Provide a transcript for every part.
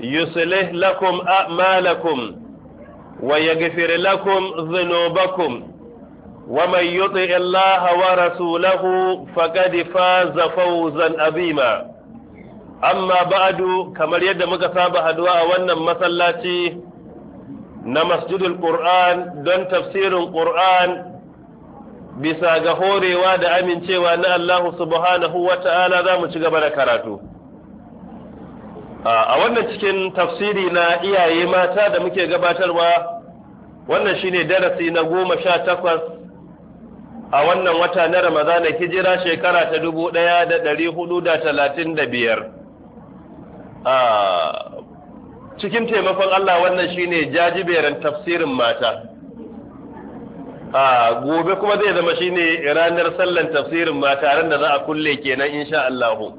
يصلح لكم أعمالكم ويغفر لكم ذنوبكم ومن يطع الله ورسوله فقد فاز فوزا عظيما أما بعد كما يد مكتاب هدواء ونم مسلاتي نمسجد القرآن دون تفسير القرآن bisa ga horewa da amincewa na Allah subhanahu wa ta'ala za mu ci gaba da karatu. a wannan cikin tafsiri na iyaye mata da muke gabatarwa wannan shine darasi na goma sha takwas a wannan wata na ramadana hijira shekara ta dubu ɗaya da ɗari hudu da talatin da biyar a cikin taimakon Allah wannan shine jajiberin tafsirin mata a gobe kuma zai zama shine ranar sallan tafsirin mata ran da za a kulle kenan insha Allahu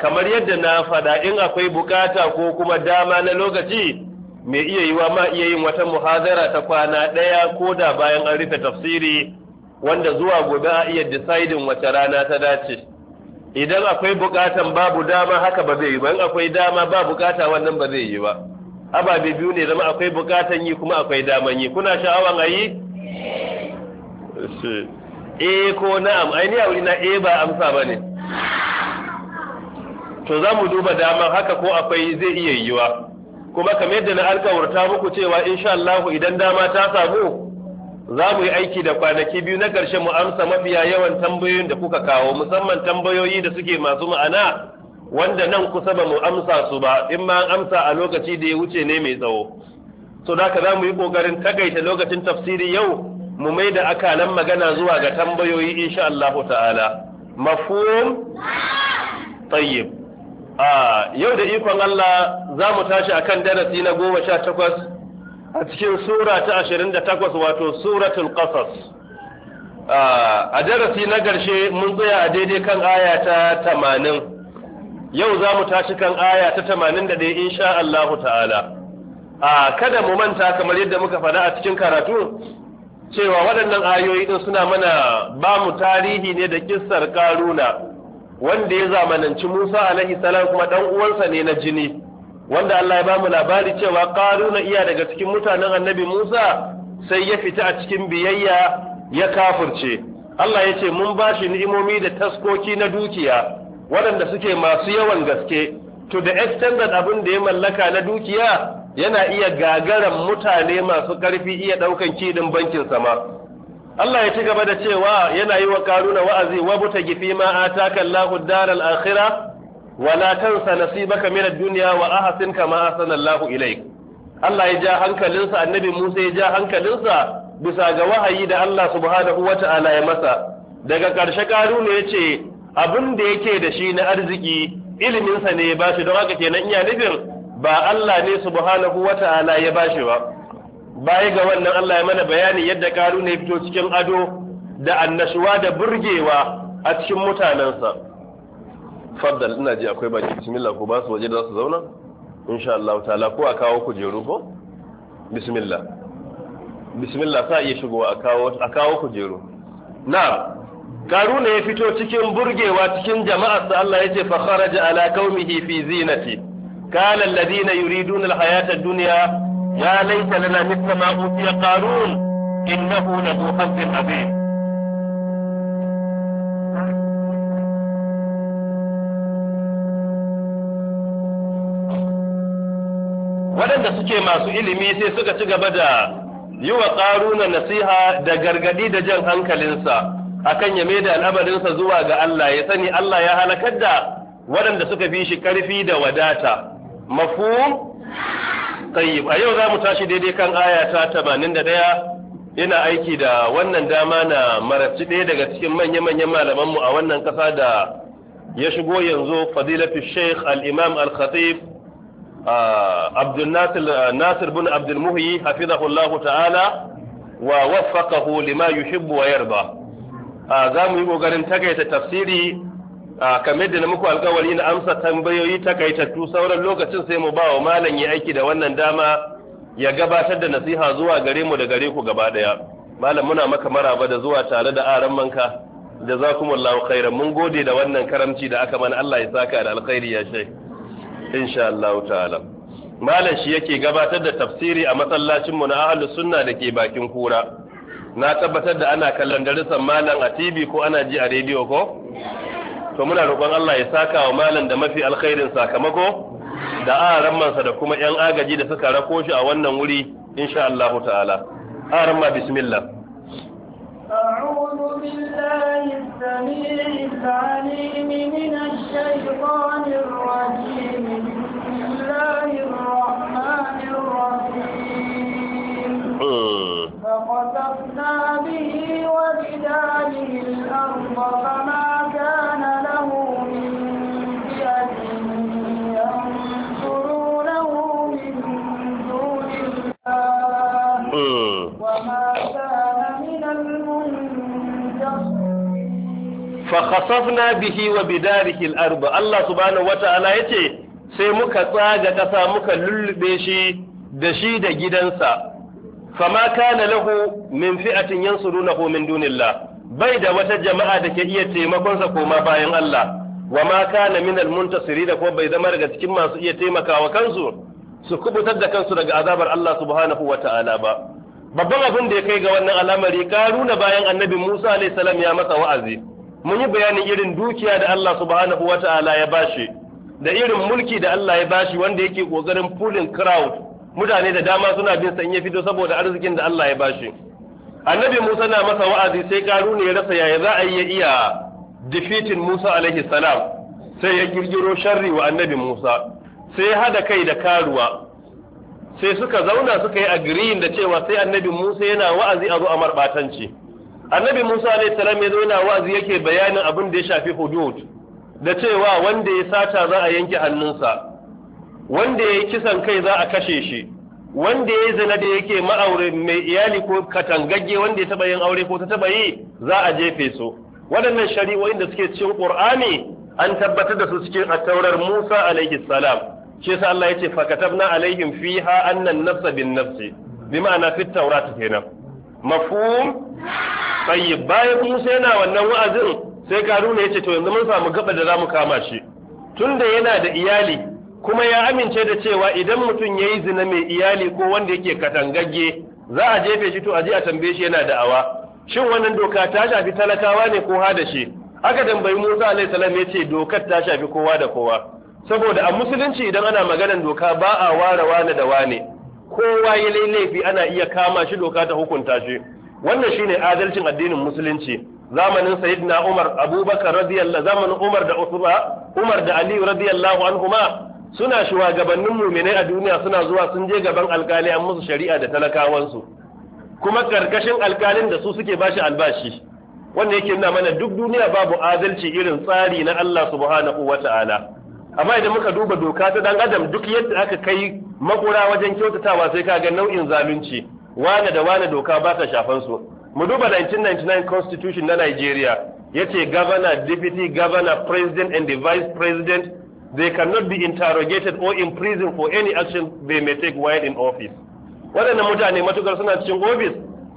kamar yadda na fada in akwai bukata ko kuma dama na lokaci mai iya yiwa ma iya yin wata muhazara ta kwana ɗaya ko da bayan an rufe tafsiri wanda zuwa gobe a iya deciding wace rana ta dace idan akwai bukatan babu dama haka ba zai yi ba in akwai dama ba bukata wannan ba zai yi ba ababe biyu ne zama akwai bukatan yi kuma akwai daman yi kuna sha'awan a yi eh ko na'am aini a wuri na eh ba amsa ba ne to za mu duba daman haka ko akwai zai iya yiwa kuma kamar yadda na alkawarta muku cewa insha Allah idan dama ta samu za mu yi aiki da kwanaki biyu na ƙarshe mu amsa mafiya yawan tambayoyin da kuka kawo musamman tambayoyi da suke masu ma'ana wanda nan kusa ba mu amsa su ba in ma amsa a lokaci da ya wuce ne mai tsawo so da za mu yi ƙoƙarin takaita lokacin tafsiri yau mu mai da akalan magana zuwa ga tambayoyi insha Allah ta'ala mafhum tayyib yau da ikon Allah za mu tashi akan darasi na goma sha takwas a cikin sura ta ashirin da takwas wato suratul qasas a darasi na ƙarshe mun tsaya a daidai kan aya ta tamanin yau za mu tashi kan aya ta tamanin da ɗaya insha Allahu ta'ala a kada mu manta kamar yadda muka faɗa a cikin karatu cewa waɗannan ayoyi ɗin suna mana ba mu tarihi ne da ƙisar ƙaruna wanda ya zamananci Musa alaihi salam kuma dan uwansa ne na jini wanda Allah ya bamu labari cewa Qaruna iya daga cikin mutanen Annabi Musa sai ya fita a cikin biyayya ya kafirce Allah ya ce mun ba shi ni'imomi da taskoki na dukiya waɗanda suke masu yawan gaske to the extended abin da ya mallaka na dukiya yana iya gagaran mutane masu ƙarfi iya ɗaukan kidin bankin sama Allah ya ci gaba da cewa yana yi wa karuna wa'azi wa buta gifi ma takan Allahu daral akhirah wa la nasibaka min duniya wa ahsin kama sanar Lahu ilai. Allah ya ja hankalinsa annabi Musa ya ja hankalinsa bisa ga wahayi da Allah subhanahu wata'ala ya masa daga ƙarshe karuna ya ce abin da yake da shi na arziki iliminsa ne ya bashi don haka kenan iya nufin ba Allah ne subhanahu wata'ala ya bashi ba baya ga wannan Allah ya mana bayani yadda karu ne fito cikin ado da annashuwa da burgewa a cikin mutanensa faddal ina ji akwai baki bismillah ko ba su waje da za su zauna insha Allah ta'ala ko a kawo kujeru ko bismillah bismillah sa iya shigo a kawo a kawo kujeru na karu ne ya fito cikin burgewa cikin jama'arsa Allah ya ce fa kharaja ala qaumihi fi zinati qala alladhina yuriduna alhayata ad-dunya يا ليت لنا مثل ما أوتي قارون إنه لذو حظ عظيم waɗanda suke masu ilimi sai suka ci gaba da yi wa ƙaruna nasiha da gargaɗi da jan hankalinsa akan ya da al'amarinsa zuwa ga Allah ya sani Allah ya halakar da waɗanda suka fi shi ƙarfi da wadata mafhum tayyib a yau za mu tashi daidai kan aya ta tamanin da ɗaya. yana aiki da wannan dama na maraci ɗaya daga cikin manya-manyan malamanmu a wannan ƙasa da ya shigo yanzu fadilatu sheikh al-imam al-khatib nasir bin abdulmuhi hafizahullahu ta'ala wa waffaqahu lima yuhibbu wa yarda za mu yi ƙoƙarin takaita tafsiri kamar da na muku alkawari na amsa tambayoyi takaitattu sauran lokacin sai mu ba wa malam ya aiki da wannan dama ya gabatar da nasiha zuwa gare mu da gare ku gaba daya malam muna maka maraba da zuwa tare da aran manka da jazakumullahu khairan mun gode da wannan karamci da aka mana Allah ya saka da alkhairi ya shai insha Allah ta'ala malam shi yake gabatar da tafsiri a masallacin mu na ahlus sunna da ke bakin kura na tabbatar da ana kallon darussan malam a TV ko ana ji a rediyo ko to muna roƙon Allah ya saka wa malam da mafi alkhairin sakamako da aran mansa da kuma yan agaji da suka rako shi a wannan wuri insha Allah ta'ala aran ma bismillah أعوذ بالله السميع العليم من الشيطان الرجيم بسم الله الرحمن الرحيم فخسفنا به وبداره الأرض فما كان له من فئة ينصرونه من دون الله وما كان من المنتصرين فخسفنا به وبداره الأرض الله سبحانه وتعالى يتي sai muka tsaga ƙasa muka lullube shi da shi da gidansa fama kana lahu min fi'atin yansurunahu min dunillah bai da wata jama'a da ke iya taimakonsa koma bayan Allah wa ma kana min muntasiri da ko bai zama daga cikin masu iya taimakawa kansu su kubutar da kansu daga azabar Allah subhanahu wa ta'ala ba babban abin da ya kai ga wannan al'amari karuna bayan annabi Musa alayhi salam ya masa wa'azi mun yi bayanin irin dukiya da Allah subhanahu wa ta'ala ya bashi da irin mulki da Allah ya bashi wanda yake kokarin pulling crowd mutane da dama suna bin sa ya fito saboda arzikin da Allah ya bashi annabi Musa na masa wa'azi sai ne ya rasa yaya za a yi ya iya defeating Musa alaihi salam sai ya girgiro sharri wa annabi Musa sai hada kai da karuwa sai suka zauna suka yi a agreeing da cewa sai annabi Musa yana wa'azi a zo a marbatanci annabi Musa alaihi salam ya zo yana wa'azi yake bayanin abin da ya shafi hudud da cewa wanda ya sata za a yanke hannunsa wanda ya yi kisan kai za a kashe shi wanda ya yi zina da yake ma'aure mai iyali ko katangagge wanda ya taba yin aure ko ta taba yi za a jefe su waɗannan shari'o'in da suke cikin ƙur'ani an tabbatar da su cikin attaurar musa alaihi salam shi yasa Allah yace fakatabna alaihim fiha annan nafsa bin nafsi bima'ana fit taurat kenan mafhum tayyib bayan musa yana wannan wa'azin sai karuna yace to yanzu mun samu gaba da zamu kama shi tunda yana da iyali kuma ya amince da cewa idan mutum ya yi zina mai iyali ko wanda yake katangagge za a jefe shi to a je a tambaye shi yana da'awa shin wannan doka ta shafi talakawa ne ko da shi aka tambayi Musa alayhi salam ya ce dokar ta shafi kowa da kowa saboda a musulunci idan ana maganar doka ba a ware wane da wane kowa ya laifi ana iya kama shi doka ta hukunta shi wannan shine adalcin addinin musulunci zamanin sayyidina Umar Abubakar radiyallahu zamanin Umar da Uthman Umar da Ali radiyallahu anhuma suna shugabannin muminai a duniya suna zuwa sun je gaban alkali an musu shari'a da talakawansu kuma karkashin alkalin da su suke bashi albashi wanda yake nuna mana duk duniya babu adalci irin tsari na Allah subhanahu wata'ala amma idan muka duba doka ta dan adam duk yadda aka kai makura wajen kyautatawa sai ka ga nau'in zalunci wane da wane doka ba ta shafan su mu duba 1999 constitution na Nigeria yace governor deputy governor president and the vice president they cannot be interrogated or prison for any action they may take while in office waɗannan mutane matukar suna cikin ofis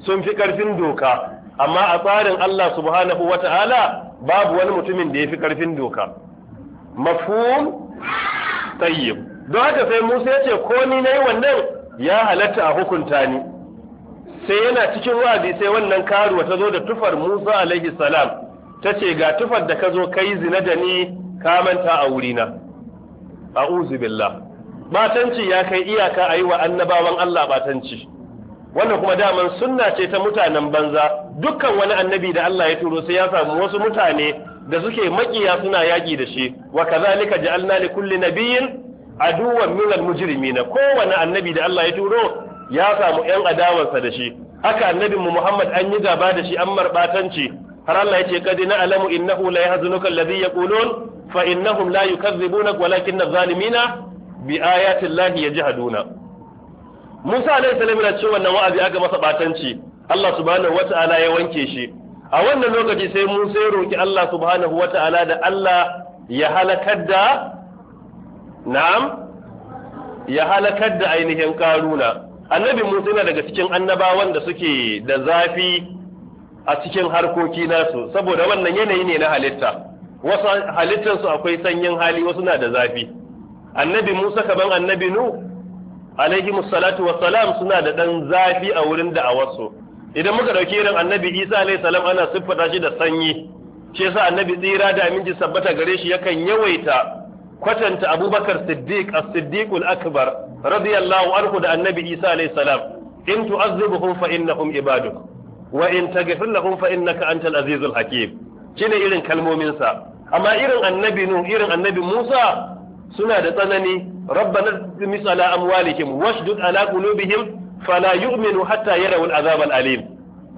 sun fi ƙarfin doka amma a tsarin Allah subhanahu wata'ala babu wani mutumin da ya fi ƙarfin doka mafhum tayyib don haka sai Musa ya ce ko ni nayi wannan ya halatta a hukunta ni sai yana cikin wa'azi sai wannan karuwa ta zo da tufar Musa alaihi salam ta ce ga tufar da ka zo kai zina da ni ka manta a wurina a'udhu billah batanci ya kai iyaka ayi wa annabawan Allah batanci wannan kuma daman sunna ce ta mutanen banza dukkan wani annabi da Allah ya turo sai ya samu wasu mutane da suke makiya suna yaki da shi wa kazalika ja'alna li kulli nabiyyin min minal mujrimina kowane annabi da Allah ya turo ya samu yan adawarsa da shi haka annabin mu Muhammad an yi gaba da shi an marbatanci har Allah ya ce kad na'lamu innahu la yahzunuka alladhi yaqulun fa innahum la yukazzibunak walakin adh-dhalimina bi ayati llahi yajhaduna Musa alaihi salam yana cewa wannan wa'azi aka masa batanci Allah subhanahu wata'ala ya wanke shi a wannan lokaci sai Musa ya roki Allah subhanahu wata'ala da Allah ya halakar da na'am ya halakar da ainihin karuna annabi Musa yana daga cikin annabawan da suke da zafi a cikin harkoki nasu saboda wannan yanayi ne na halitta wasu halittansu akwai sanyin hali wasu na da zafi annabi musa kaban annabi nu alaihi musallatu wassalam suna da dan zafi a wurin da wasu. idan muka dauki irin annabi isa alaihi salam ana siffata shi da sanyi shi yasa annabi tsira da aminci sabbata gare shi yakan yawaita kwatanta abubakar siddiq as-siddiqul akbar radiyallahu anhu da annabi isa alaihi salam in tu'azzibuhum fa innahum ibaduk wa in taghfir lahum fa innaka antal azizul hakim shine irin kalmominsa. amma irin annabi nu irin annabi Musa suna da tsanani rabbana mis ala amwalihim washdud ala qulubihim fala yu'minu hatta yarawul azabal alim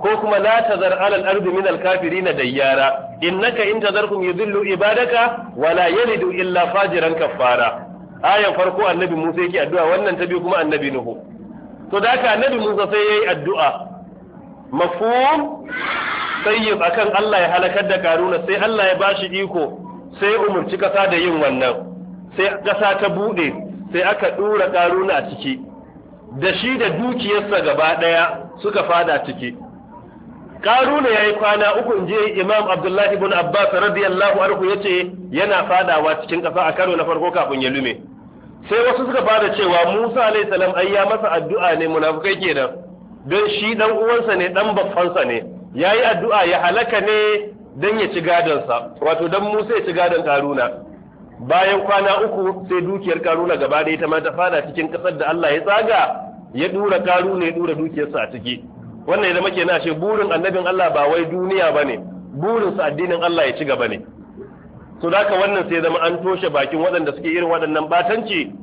ko kuma la tazar ala al-ardi min al-kafirin dayyara innaka in tazarhum yudillu ibadaka wala yalidu illa fajiran kaffara ayan farko annabi Musa yake addu'a wannan ta biyu kuma annabi Nuhu to da haka annabi Musa sai yayi addu'a mafhum tayyib akan Allah ya halakar da karuna sai Allah ya ba shi iko sai umarci kasa da yin wannan sai kasa ta buɗe sai aka dura karuna a ciki da shi da dukiyarsa gaba daya suka fada ciki karuna yayi kwana uku je Imam Abdullah ibn Abbas radiyallahu ya ce yana fadawa cikin kasa a karo na farko kafin ya lume sai wasu suka fara cewa Musa alayhi salam ai ya masa addu'a ne munafikai kenan don shi dan uwansa ne dan baffansa ne Ya yi addu'a ya halaka ne dan ya ci gadonsa wato dan Musa ya ci gadon Karuna bayan kwana uku sai dukiyar Karuna gaba da ita ma ta fada cikin kasar da Allah ya tsaga ya dura Karuna ya dura dukiyarsa a ciki wannan da muke na ce burin annabin Allah ba wai duniya bane burin sa addinin Allah ya ci gaba ne Su da wannan sai zama an toshe bakin waɗanda suke irin waɗannan batanci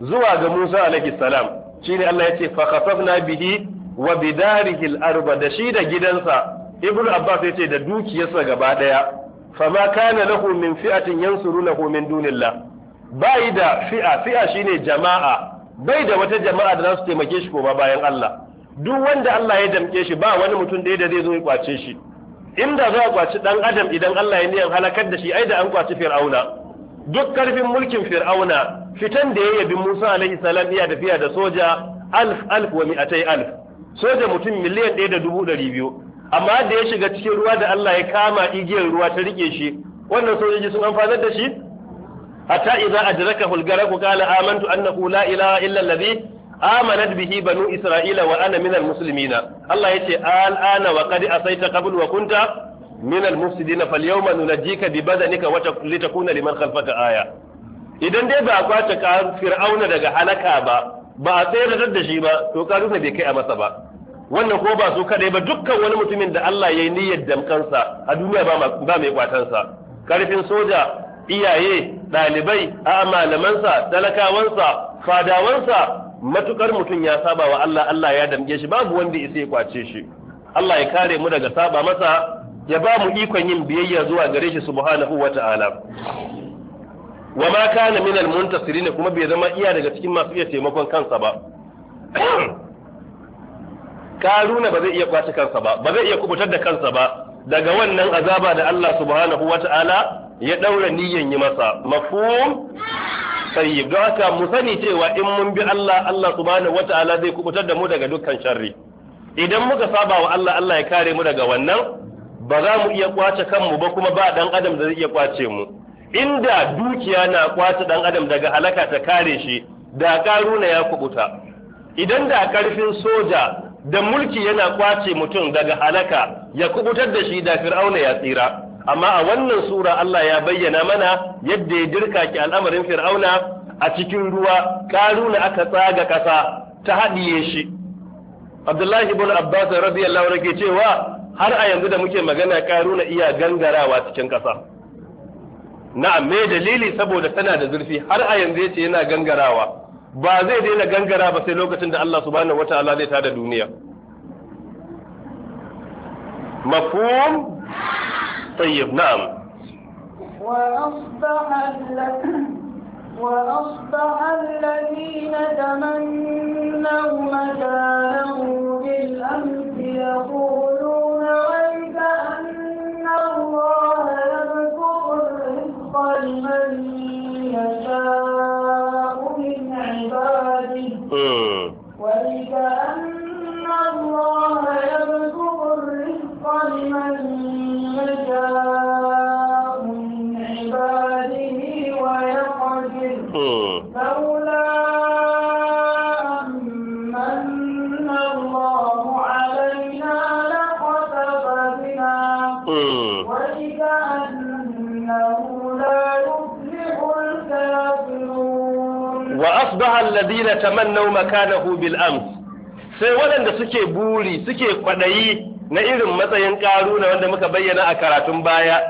zuwa ga Musa alaihi salam shine Allah ya ce fa khasafna bihi wa bidarihi al-arba da shi da gidansa ibnu abbas yace da dukiyarsa gaba daya fama kana lahu min fi'atin yansurunahu min dunillah bai da fi'a fi'a shine jama'a bai da wata jama'a da za su taimake shi ko ba bayan Allah duk wanda Allah ya damke shi ba wani mutum ɗaya da zai zo ya kwace shi inda za a kwaci dan adam idan Allah ya niyan halakar da shi ai da an kwaci fir'auna duk karfin mulkin fir'auna fitan da ya yabi Musa alaihi salam iya tafiya da soja alf alf wa mi'atai alf soja mutum miliyan ɗaya da dubu ɗari biyu amma da ya shiga cikin ruwa da Allah ya kama igiyar ruwa ta rike shi wannan sojoji sun amfanar da shi hatta idza adraka hulgara ku qala amantu annahu la ilaha illa allazi amanat bihi banu isra'ila wa ana minal muslimina Allah yace al'ana wa qad asaita qabl wa kunta minal mufsidina falyawma nunajjika bi badanika wa litakuna liman khalfaka aya idan dai ba a ka fir'auna daga halaka ba ba a tsayar da shi ba to karusa bai kai a masa ba wannan ko ba su kadai ba dukkan wani mutumin da Allah ya yi niyyar damkansa a duniya ba mai kwatansa karfin soja iyaye ɗalibai a malamansa talakawansa fadawansa matukar mutum ya saba wa Allah Allah ya damge shi babu wanda isa ya kwace shi Allah ya kare mu daga saba masa ya ba mu ikon yin biyayya zuwa gare shi subhanahu wata'ala wa ma kana min al muntasirin kuma bai zama iya daga cikin masu iya taimakon kansa ba karuna ba zai iya kwace kansa ba ba zai iya kubutar da kansa ba daga wannan azaba da Allah subhanahu wata'ala ya daura niyyan yi masa mafhum tayyib don haka mu sani cewa in mun bi Allah Allah subhanahu wata'ala zai kubutar da mu daga dukkan sharri idan muka saba wa Allah Allah ya kare mu daga wannan ba za mu iya kwace kanmu ba kuma ba dan adam da zai iya kwace mu inda dukiya na kwace dan adam daga halaka ta kare shi da karuna ya kubuta idan da karfin soja da mulki yana kwace mutum daga halaka ya kubutar da shi da fir'auna ya tsira amma a wannan sura Allah ya bayyana mana yadda ya dirka ki al'amarin fir'auna a cikin ruwa karuna aka tsaga kasa ta haɗiye shi Abdullahi ibn Abbas radiyallahu anhu ke cewa har a yanzu da muke magana karuna iya gangarawa cikin kasa na'am me dalili saboda tana da zurfi har a yanzu yace yana gangarawa ba zai daina gangara ba sai lokacin da Allah subhanahu wataala zai tada duniya mafhum tayyib na'am وأصبح الذين تمنوا مكانه بالأمن وَلِكَأَنَّ اللَّهَ يَبْسُطُ الرِّزْقَ لِمَن يَشَاءُ fafdaha tamannaw makanahu bil ams sai waɗanda suke buri suke kwadayi na irin matsayin karuna wanda muka bayyana a karatun baya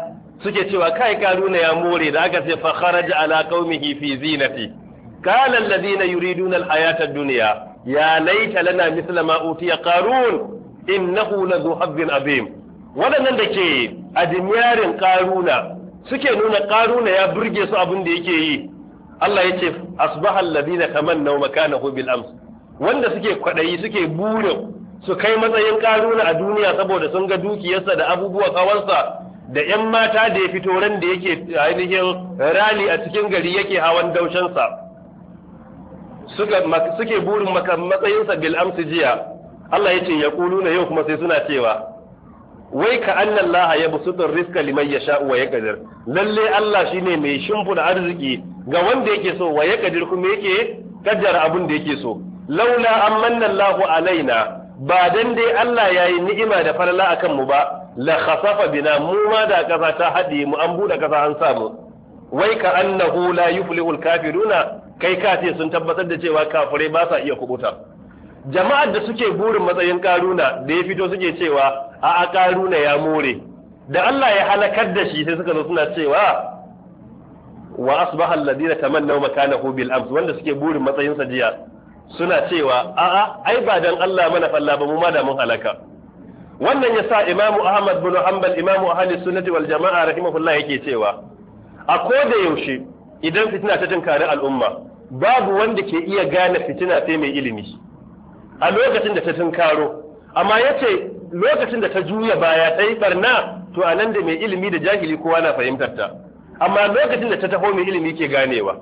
suke cewa kai karuna ya more da aka ce fa kharaja ala qaumihi fi zinati kana alladhina yuriduna alhayata ad-dunya ya laita lana misla ma utiya qarun innahu ladhu hazzin azim waɗannan da ke ajimiyarin karuna suke nuna karuna ya burge su abin da yake yi Allah ya ce asbahal ladina tamannaw makanahu bil ams wanda suke kwadayi suke burin su kai matsayin karuna a duniya saboda sun ga dukiyarsa da abubuwa kawansa da yan mata da ya fito ran da yake ainihin rali a cikin gari yake hawan daushensa suke burin matsayinsa bil ams jiya Allah ya ce ya na yau kuma sai suna cewa wai ka annan laha ya busutun riska liman ya sha wa ya kadar lalle Allah shine mai shimfuna arziki ga wanda yake so wa ya kadir kuma yake kaddara abin da yake so laula amanna Allahu alaina ba dan dai Allah yayi ni'ima da farla akan mu ba la khasafa bina mu ma da kasa ta hade mu an bude kasa an samu wai ka annahu la yuflihul kafiruna kai ka ce sun tabbatar da cewa kafirai ba sa iya kubuta jama'ar da suke burin matsayin karuna da ya fito suke cewa a a karuna ya more da Allah ya halakar da shi sai suka zo suna cewa wa asbaha alladhina tamannaw makanahu bil amsi wanda suke burin matsayin sa jiya suna cewa a'a ai ba dan Allah mana falla ba mu ma da mun halaka wannan yasa imamu ahmad bin hanbal imamu ahli sunnati wal jamaa rahimahullah yake cewa a ko da yaushe idan fitina ta tunkari al'umma babu wanda ke iya gane fitina sai mai ilimi a lokacin da ta tunkaro amma yace lokacin da ta juya baya ta yi barna to anan da mai ilimi da jahili kowa na fahimtar ta amma lokacin da ta taho mai ilimi ke ganewa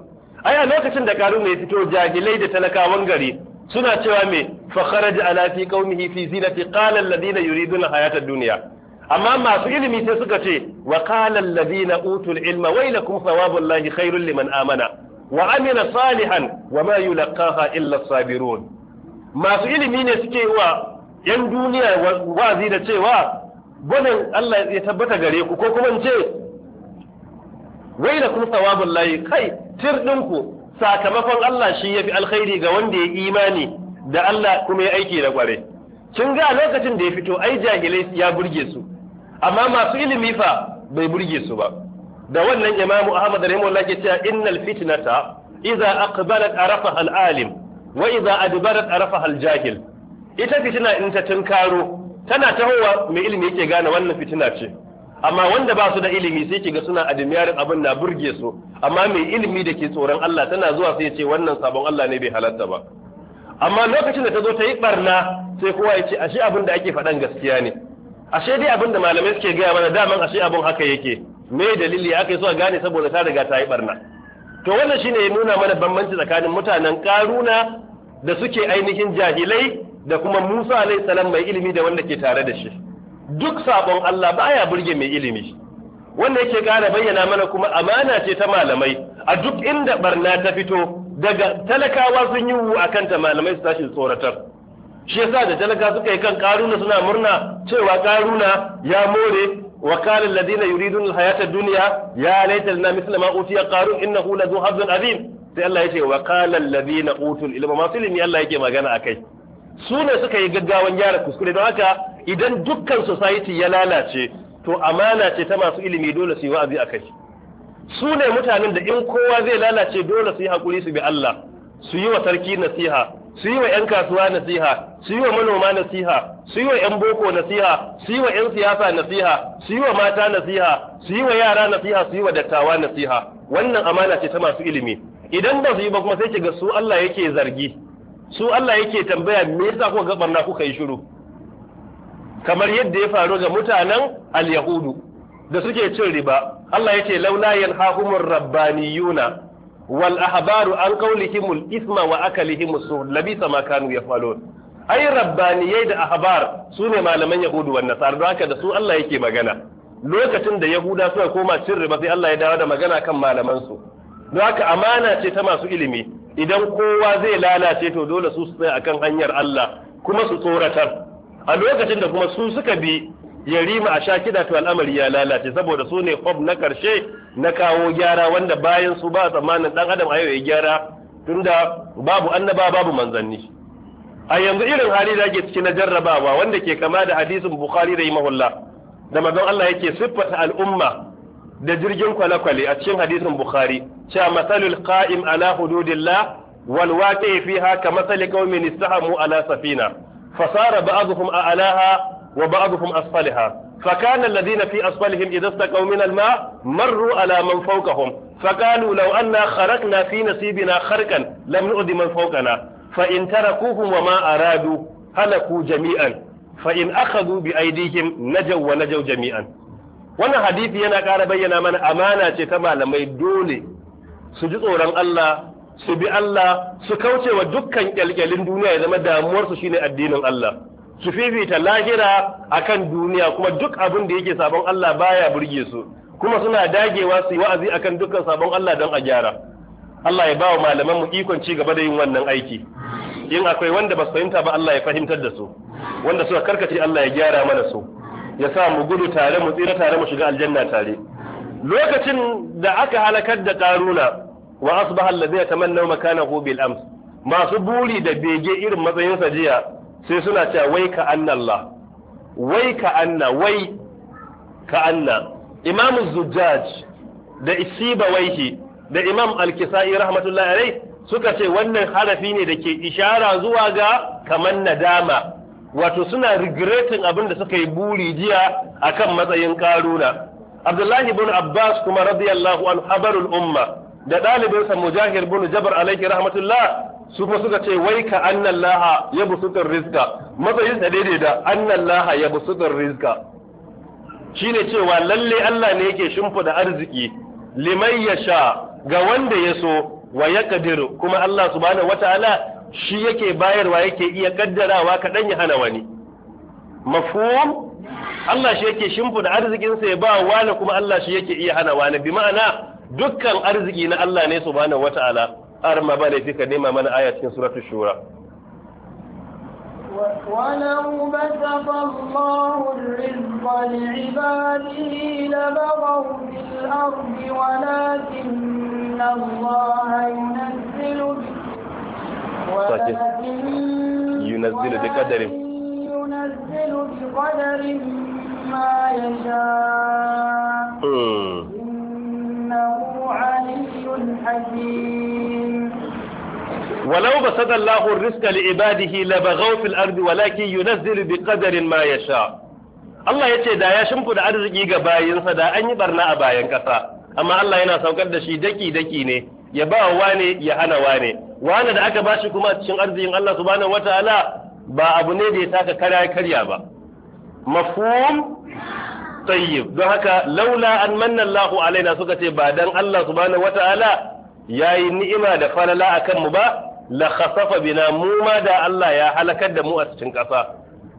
ai a lokacin da karun ya fito jahilai da talakawan gari suna cewa me fa kharaja ala fi qaumihi fi zinati qala alladhina yuriduna hayata duniya dunya amma masu ilimi sai suka ce wa qala alladhina utul ilma wailakum thawabullahi khairul liman amana wa amila salihan wa ma yulqaha illa sabirun masu ilimi ne suke wa yan duniya wazi da cewa gwanin Allah ya tabbata gare ku ko kuma in ce wai da kuma sawabun layi kai tir ku sakamakon Allah shi ya fi alkhairi ga wanda ya imani da Allah kuma ya aiki da kware kin ga lokacin da ya fito ai jahilai ya burge su amma masu ilimi fa bai burge su ba da wannan imamu Ahmad rahimahullah ke cewa innal fitnata idza aqbalat arafaha alim wa idza adbarat arafaha al-jahil ita fitina in ta tunkaro tana tahowa mai ilimi yake gane wannan fitina ce amma wanda ba su da ilimi sai kiga suna adimiyarin abin na burge su amma mai ilimi da ke tsoron Allah tana zuwa sai ya ce wannan sabon Allah ne bai halarta ba amma lokacin da ta zo ta yi barna sai kowa ya ce ashe abin da ake faɗan gaskiya ne ashe dai abin da malamai suke gaya mana daman ashe abin haka yake me dalili aka yi so a gane saboda ta riga ta yi barna to wannan shine ya nuna mana bambanci tsakanin mutanen karuna da suke ainihin jahilai da kuma Musa alaihi salam mai ilimi da wanda ke tare da shi duk sabon Allah baya burge mai ilimi wanda yake kara bayyana mana kuma amana ce ta malamai a duk inda barna ta fito daga talakawa sun yi wu akan ta malamai su tashi tsoratar shi yasa da talaka suka yi kan karuna suna murna cewa karuna ya more wa qala alladhina yuridun alhayata ad-dunya ya laita lana mithla ma utiya qarun innahu la dhuhabun azim sai Allah yace wa qala alladhina utul ilma ma filmi Allah yake magana akai su ne suka yi gaggawan gyara kuskure don haka idan dukkan society ya lalace to amana ce ta masu ilimi dole su yi wa'azi a kai su ne mutanen da in kowa zai lalace dole su yi hakuri su bi Allah su yi wa sarki nasiha su yi wa 'yan kasuwa nasiha su yi wa manoma nasiha su yi wa 'yan boko nasiha su yi wa 'yan siyasa nasiha su yi wa mata nasiha su yi wa yara nasiha su yi wa dattawa nasiha wannan amana ce ta masu ilimi idan ba su yi ba kuma sai ki ga su Allah yake zargi su Allah yake tambaya me yasa kuka ga barna kuka yi shiru kamar yadda ya faru ga mutanen al-yahudu da suke cin riba Allah yace laula yanhahumur rabbaniyuna wal ahbaru an qawlihimul isma wa akalihimus su labisa ma kanu yafalun ai rabbaniyai da ahbar sune malaman yahudu wannan sar don haka da su Allah yake magana lokacin da yahuda suka koma cin riba sai Allah ya dawo da magana kan malaman su don haka amana ce ta masu ilimi idan kowa zai lalace to dole su tsaya akan hanyar Allah kuma su tsoratar a lokacin da kuma su suka bi yarima a sha kiɗa to al'amari ya lalace saboda su ne hob na karshe na kawo gyara wanda bayan su ba tsammanin dan adam a yau ya gyara tunda babu annaba babu manzanni a yanzu irin hali da ke ciki na jarrabawa wanda ke kama da hadisin bukhari da mahulla, da mazan Allah yake siffata al'umma da jirgin kwale-kwale a cikin hadisin bukhari cewa masalul qa'im ala hududillah wal waqi'i fiha ka masali qaumin istahamu ala safina fasara ba'dhum a'laha wa ba'dhum asfalaha فكان الذين في أسفلهم إذا استقوا من الماء مروا على من فوقهم فقالوا لو أنا خرقنا في نصيبنا خرقا لم نؤذ من فوقنا فإن تركوهم وما أرادوا هلكوا جميعا فإن أخذوا بأيديهم نجوا ونجوا جميعا wannan hadisi yana ƙara bayyana mana amana ce ta malamai dole su ji tsoron Allah su bi Allah su kauce wa dukkan kyalkyalin duniya ya zama damuwarsu shine addinin Allah su fifita lahira akan duniya kuma duk abin da yake sabon Allah baya burge su kuma suna dagewa su yi wa'azi akan dukkan sabon Allah don a gyara Allah ya bawa malaman mu ikon ci gaba da yin wannan aiki in akwai wanda ba su fahimta ba Allah ya fahimtar da su wanda suka karkace Allah ya gyara mana su ya sa mu gudu tare mu tsira tare mu shiga aljanna tare lokacin da aka halakar da karuna wa asbaha alladhina tamannaw makanahu bil ams masu buri da bege irin matsayin sa jiya sai suna cewa wai ka annallah wai ka anna wai ka anna imam zujjaj da isiba waihi da imam al-kisai rahmatullahi alayhi suka ce wannan harafi ne da ke ishara zuwa ga kamar nadama wato suna regretting abin da suka yi buri jiya akan matsayin karuna abdullahi ibn abbas kuma radiyallahu an habarul umma da ɗalibinsa mujahir bin jabar alaihi rahmatullah su fa suka ce wai ka annallaha ya busutur rizqa matsayin sa daidai da annallaha ya busutur rizqa shine cewa lalle Allah ne yake shimfida arziki liman yasha ga wanda ya so wa kadiru kuma Allah subhanahu wataala shi yake bayarwa yake iya kaddarawa kaɗan ya hana wani mafhum Allah shi yake shimfida arzikin sa ya ba wani kuma Allah shi yake iya hana wani bi ma'ana dukkan arziki na Allah ne subhanahu wata'ala arma bane ka nema mana aya cikin suratul shura ولو بسط الله الرزق لعباده لبغوا في الأرض ولكن الله ينزل ينزل بقدر ينزل بقدر ما يشاء hmm. إنه علي حكيم ولو بسد الله الرزق لعباده لبغوا في الأرض ولكن ينزل بقدر ما يشاء Allah ya ce da ya shimfida arziki ga bayinsa da an yi barna a bayan kasa, amma Allah yana saukar da shi daki-daki ne ya ba wane ya hana wane wane da aka bashi kuma cikin arzikin Allah subhanahu wataala ba abu ne da ya taka karya karya ba mafhum tayyib don haka laula an manna Allahu alaina suka ce ba dan Allah subhanahu wata'ala yayi ni'ima da falala akan mu ba la khasafa bina mu ma da Allah ya halakar da mu a cikin kasa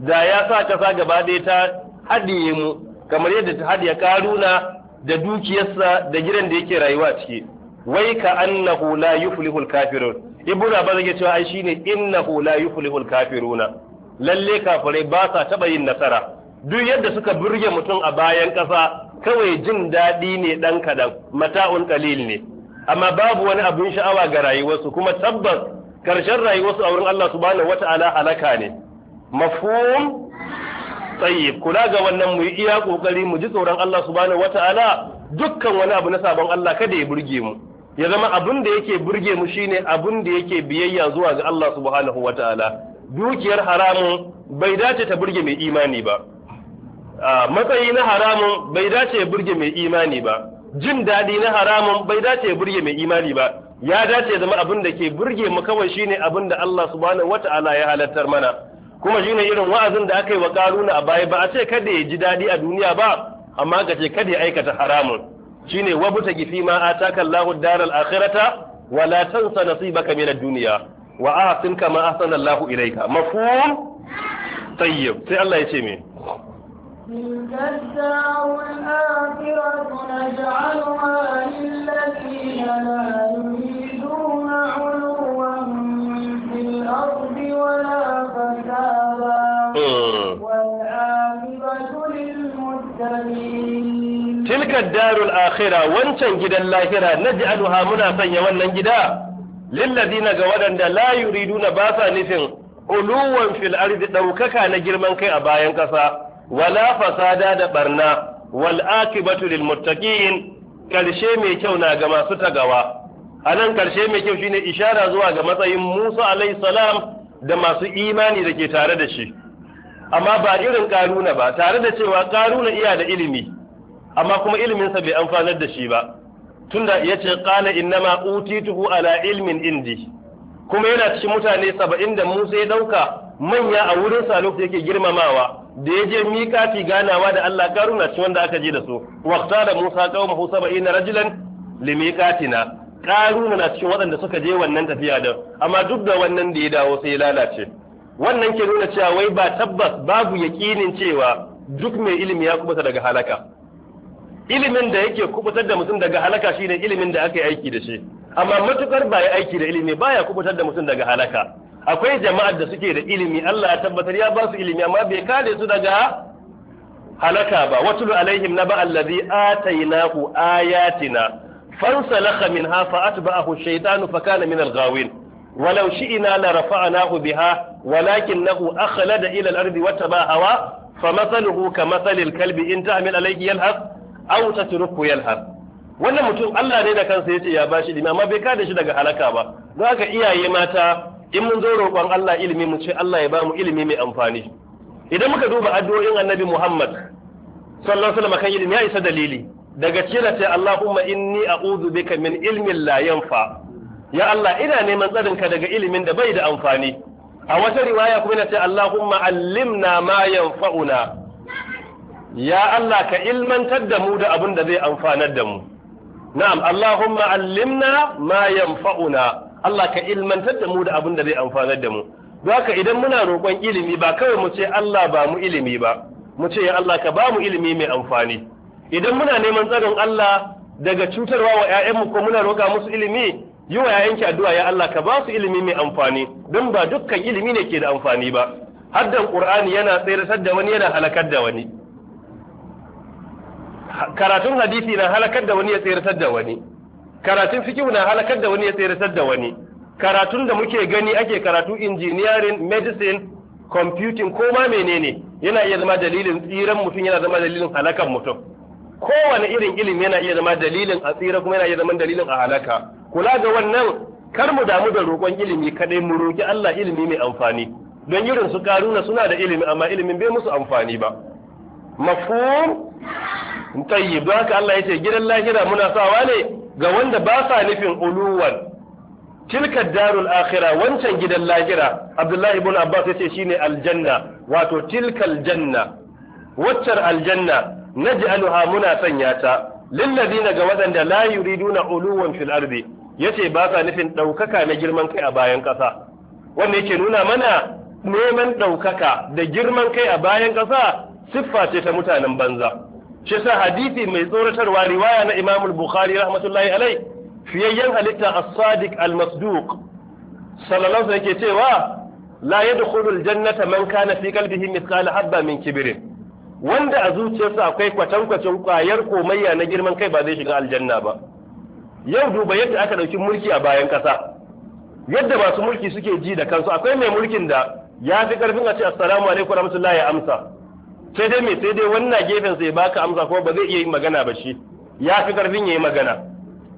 da ya sa kasa gaba ɗaya ta hadiye mu kamar yadda ta hadiya karuna da dukiyarsa da gidan da yake rayuwa ciki wai ka annahu la yuflihul kafirun ibnu abbas yake cewa ai shine innahu la yuflihul kafiruna lalle kafirai ba sa taba yin nasara duk yadda suka burge mutum a bayan ƙasa kawai jin daɗi ne ɗan kaɗan mata'un ƙalil ne amma babu wani abin sha'awa ga rayuwarsu kuma tabbas ƙarshen rayuwarsu a wurin Allah subhanahu wata'ala halaka ne mafhum tsayi kula ga wannan mu yi iya kokari mu ji tsoron Allah subhanahu wata'ala dukkan wani abu na sabon Allah kada ya burge mu ya zama abin da yake burge mu shine abin da yake biyayya zuwa ga Allah subhanahu wata'ala dukiyar haramun bai dace ta burge mai imani ba matsayi na haramun bai dace ya burge mai imani ba jin daɗi na haramun bai dace ya burge mai imani ba ya dace zama abin da ke burge mu kawai shine abin da Allah subhanahu wata'ala ya halartar mana kuma shine irin wa'azin da aka yi wa karuna a baya ba a ce kada ya ji daɗi a duniya ba amma ka ce kada ya aikata haramun shine wabuta gifi ma ataka Allahu daral akhirata wa la tansa nasibaka min ad-dunya wa ahsin kama ahsana Allahu ilayka mafhum tayyib sai Allah ya ce me تلك الدار الآخرة نجعلها للذين لا يريدون علوا في الأرض ولا فسادا والعاقبة للمتقين تلك الدار الآخرة وانشن جدا الآخرة نجعلها منافية ونن جدا للذين قولنا لا يريدون باسا نفن علوا في الأرض ɗaukaka na girman kai a bayan ƙasa wala fasada da barna wal akibatu lil muttaqin karshe mai kyau na ga masu tagawa anan karshe mai kyau shine ishara zuwa ga matsayin Musa alaihi salam da masu imani da ke tare da shi amma ba irin karuna ba tare da cewa karuna iya da ilimi amma kuma iliminsa bai amfanar da shi ba tunda yace ce qala innama utituhu ala ilmin indi kuma yana cikin mutane saba'in da Musa ya dauka manya a wurin sa lokacin yake girmamawa da ya je miƙati ganawa da Allah karuna ci wanda aka je da su waqta da Musa qaumahu 70 rajulan li miqatina karuna na cikin waɗanda suka je wannan tafiya da amma duk da wannan da ya dawo sai lalace wannan ke nuna cewa wai ba tabbas babu yaƙinin cewa duk mai ilimi ya kubuta daga halaka ilimin da yake kubutar da mutum daga halaka shine ilimin da aka yi aiki da shi amma matukar ba ya aiki da ilimi baya kubutar da mutum daga halaka akwai jama'ar da suke da ilimi Allah ya tabbatar ya ba su ilimi amma bai kare su daga halaka ba watulu alaihim naba allazi atainahu ayatina fansalakha minha fa atba'ahu shaytanu fa kana min al-ghawin biha شئنا لرفعناه بها ولكنه أخلد إلى الأرض hawa هواه فمثله كمثل الكلب إن تعمل عليه يلهث أو تتركه يلهث wannan mutum Allah ne da kansa yace ya bashi limi amma bai kada shi daga halaka ba don haka iyaye mata in mun zo roƙon Allah ilimi mu ce Allah ya ba mu ilimi mai amfani idan muka duba addu'o'in annabi Muhammad sallallahu alaihi wasallam kan ilimi ya isa dalili daga cikin ce Allahumma inni a'udhu bika min ilmin la yanfa ya Allah ina neman tsarinka daga ilimin da bai da amfani a wata riwaya kuma na ce Allahumma allimna ma yanfa'una ya Allah ka ilmantar da mu da abin da zai amfanar da mu na'am Allahumma allimna ma yanfa'una Allah ka ilmantar da mu da abin da zai amfanar da mu haka idan muna roƙon ilimi ba kawai mu ce Allah ba mu ilimi ba mu ce ya Allah ka ba mu ilimi mai amfani idan muna neman tsarin Allah daga cutarwa wa ƴaƴanmu ko muna roƙa musu ilimi yi wa ƴaƴanki addu'a ya Allah ka ba su ilimi mai amfani don ba dukkan ilimi ne ke da amfani ba haddan Qur'ani yana tsayar da wani yana halakar da wani karatun hadisi na halakar da wani ya tsayar da wani karatun fikihu na halakar da wani ya tseratar da wani karatun da muke gani ake karatu engineering medicine computing ko ma menene yana iya zama dalilin tsiran mutum yana zama dalilin halakar mutum kowane irin ilimi yana iya zama dalilin a tsira kuma yana iya zama dalilin a halaka kula ga wannan kar mu damu da roƙon ilimi kaɗai mu roƙi Allah ilimi mai amfani don irin su karuna suna da ilimi amma ilimin bai musu amfani ba mafhum tayyib haka Allah yace gidan lahira muna sawa ne ga wanda ba sa nufin uluwan tilka darul akhira wancan gidan lahira abdullahi ibn abbas yace shine aljanna wato tilkal janna waccar aljanna naj'aluha muna sanya ta lillazina ga waɗanda la yuriduna uluwan fil ardi yace ba sa nufin ɗaukaka na girman kai a bayan ƙasa wanda yake nuna mana neman ɗaukaka da girman kai a bayan ƙasa siffa ce ta mutanen banza shi yasa hadisi mai tsoratarwa riwaya na Imam bukhari rahmatullahi alai fiyayyen halitta as-sadiq al-masduq sallallahu alaihi yake cewa la yadkhulul jannata man kana fi qalbihi mithqal habba min kibrin wanda a zuciyarsa akwai kwatankwacin kwayar komayya na girman kai ba zai shiga aljanna ba yau duba yadda aka dauki mulki a bayan kasa yadda masu mulki suke ji da kansu akwai mai mulkin da ya fi karfin a ce assalamu alaikum rahmatullahi ya amsa sai dai me sai dai wannan gefen sai baka amsa kuma ba zai iya yin magana ba shi ya fi karfin yayi magana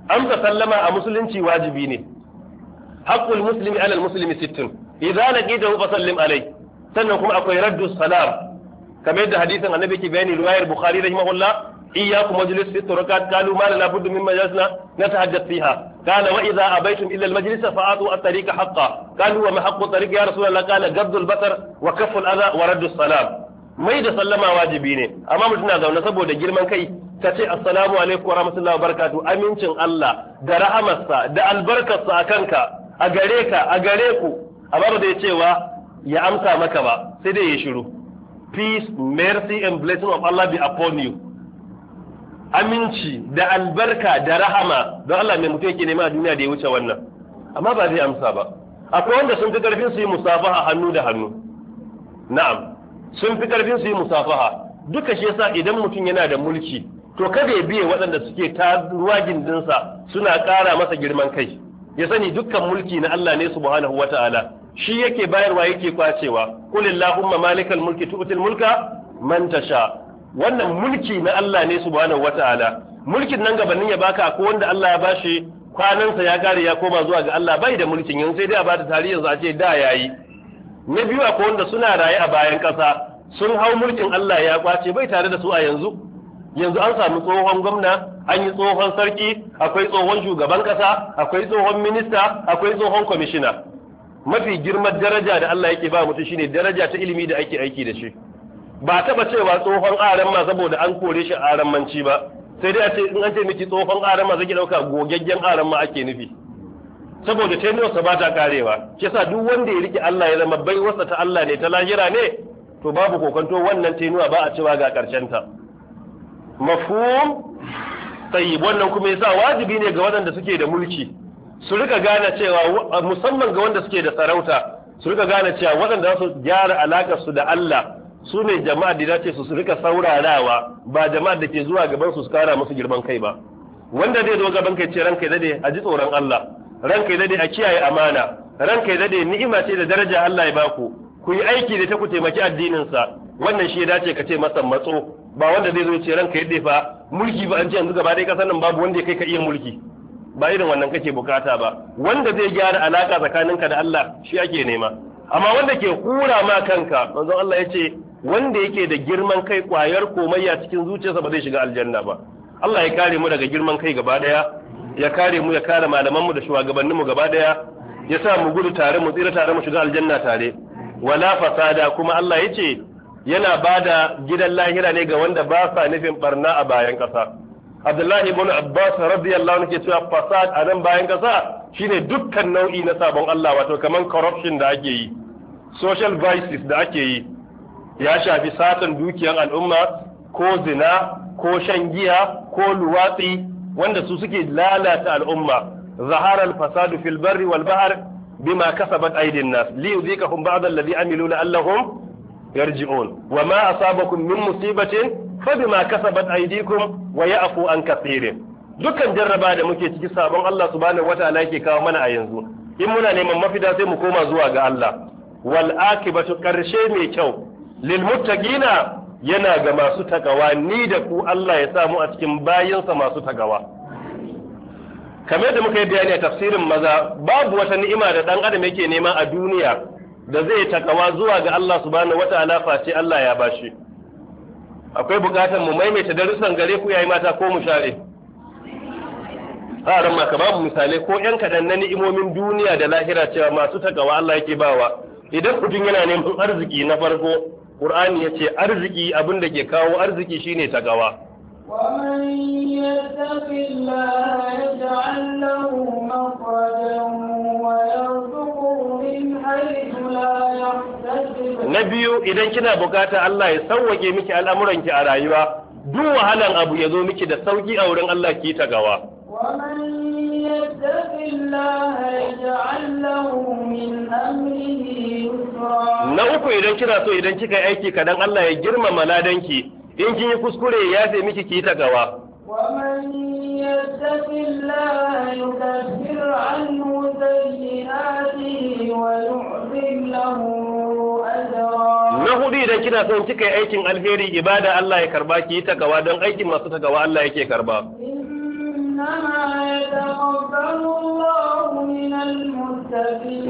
amsa sallama a musulunci wajibi ne haqqul muslimi alal muslimi sittin idza laqitahu fa sallim alai sannan kuma akwai raddu salam kamar yadda hadisin annabi ke bayani riwayar bukhari rahimahullah iyyakum majlis fi turakat qalu ma lana buddu min majlisna natahajjat fiha قال وإذا أبيتم إلا المجلس فأعطوا wa ma قالوا وما حق الطريق يا رسول الله قال wa البصر وكف wa ورد السلام mai da sallama wajibi ne amma mutum na zaune saboda girman kai ta ce assalamu alaikum wa rahmatullahi wa barakatu amincin Allah da rahamarsa da albarkarsa a kanka a gare ka a gare ku amma ba zai cewa ya amsa maka ba sai dai ya shiru peace mercy and blessing of Allah be upon you aminci da albarka da rahama don Allah mai mutum yake nema a duniya da ya wuce wannan amma ba zai amsa ba akwai wanda sun fi karfin su yi musafaha hannu da hannu na'am sun fi karfin su yi musafaha duka shi yasa idan mutum yana da mulki to kada ya biye waɗanda suke ta ruwa gindinsa suna ƙara masa girman kai ya sani dukkan mulki na Allah ne subhanahu ta'ala. shi yake bayarwa yake kwacewa qul illahumma malikal mulki tu'til mulka man tasha wannan mulki na Allah ne subhanahu ta'ala. mulkin nan gabanin ya baka ko wanda Allah ya bashi kwanansa ya kare ya koma zuwa ga Allah bai da mulkin yanzu sai dai a bata tarihi yanzu a ce da yayi na biyu akwai wanda suna raye a bayan ƙasa sun hau mulkin Allah ya kwace bai tare da su a yanzu yanzu an samu tsohon gwamna an yi tsohon sarki akwai tsohon shugaban ƙasa akwai tsohon minista akwai tsohon kwamishina mafi girman daraja da Allah yake ba mutum shine daraja ta ilimi da ake aiki da shi ba taba cewa tsohon aran ma saboda an kore shi aran manci ba sai dai a ce in an ce miki tsohon aran ma zaki dauka gogaggen aran ma ake nufi saboda taimuwarsa ba ta karewa yasa duk wanda ya rike Allah ya zama bai wasa ta Allah ne ta lahira ne to babu kokonto wannan taimuwa ba a cewa ga karshen ta mafhum tayyib wannan kuma yasa wajibi ne ga waɗanda suke da mulki su rika gane cewa musamman ga wanda suke da sarauta su rika gane cewa waɗanda su gyara alakar su da Allah su ne jama'a da dace su su rika saurarawa ba jama'a da ke zuwa gaban su su kara musu girman kai ba wanda zai zo gaban kai ce ranka ne a ji tsoron Allah ranka ya dade a kiyaye amana ranka ya dade ni'ima ce da daraja Allah ya baku ku yi aiki da ta ku taimaki addinin sa wannan shi ya dace ka ce masa matso ba wanda zai zo ce ranka ya fa mulki ba an ce yanzu gaba dai kasar nan babu wanda ya kai ka iya mulki ba irin wannan kake bukata ba wanda zai gyara alaka tsakaninka da Allah shi ake nema amma wanda ke hura ma kanka manzon Allah ya ce wanda yake da girman kai kwayar komayya cikin zuciyarsa ba zai shiga aljanna ba Allah ya kare mu daga girman kai gaba daya ya kare mu ya kare malaman mu da shugabannin mu gaba daya ya sa mu gudu tare mu tsira tare mu shiga aljanna tare wala fasada kuma Allah yace yana bada gidan lahira ne ga wanda ba sa nufin barna a bayan kasa Abdullahi ibn Abbas radiyallahu anhu ke cewa fasad a nan bayan kasa shine dukkan nau'i na sabon Allah wato kaman corruption da ake yi social vices da ake yi ya shafi satan dukiyar al'umma ko zina ko shan giya ko luwatsi wanda su suke lalata al'umma zahara al-fasadu fil barri wal bahr bima kasabat aydin nas li yudhikahum ba'd alladhi amilu la'allahum yarji'un wa ma asabakum min musibatin fa bima kasabat aydikum wa ya'fu an kathirin dukkan jarraba da muke ciki sabon Allah subhanahu wataala yake kawo mana a yanzu in muna neman mafita sai mu koma zuwa ga Allah wal akibatu karshe mai kyau lil muttaqina yana ga masu takawa ni da ku Allah ya samu a cikin bayansa masu takawa kamar da muka yi bayani a tafsirin maza babu wata ni'ima da dan adam yake nema a duniya da zai takawa zuwa ga Allah su subhanahu wataala face Allah ya bashi akwai bukatar mu maimaita darussan gare ku yayi mata ko mu share haram ma babu misalai ko yan kadan na ni'imomin duniya da lahira cewa masu takawa Allah yake bawa idan mutum yana neman arziki na farko Qur'ani ya ce arziki abin da ke kawo arziki shine tagawa. na biyu idan kina bukata Allah ya sauwake miki al'amuranki a rayuwa duk wahalan abu ya zo miki da sauƙi a wurin Allah ki ta gawa ومن يتق الله na uku idan kina so idan kika yi aiki kadan Allah ya girmama ladanki in kin yi kuskure ya fi miki ki ta gawa na hudu idan kina so kika yi aikin alheri ibada Allah ya karba ki ta gawa don aikin masu ta gawa Allah yake karba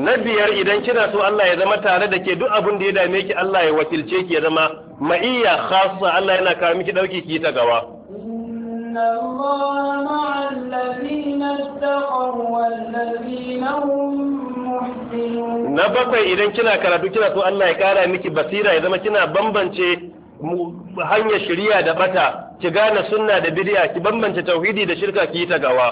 na biyar idan kina so Allah ya zama tare da ke duk abin da ya dame ki Allah ya wakilce ki ya zama ma'iyya khassa Allah yana kawo miki dauki ki ta gawa na bakwai idan kina karatu kina so Allah ya kara miki basira ya zama kina bambance hanyar shirya da bata ki gane sunna da bid'a ki bambance tauhidi da shirka ki ta gawa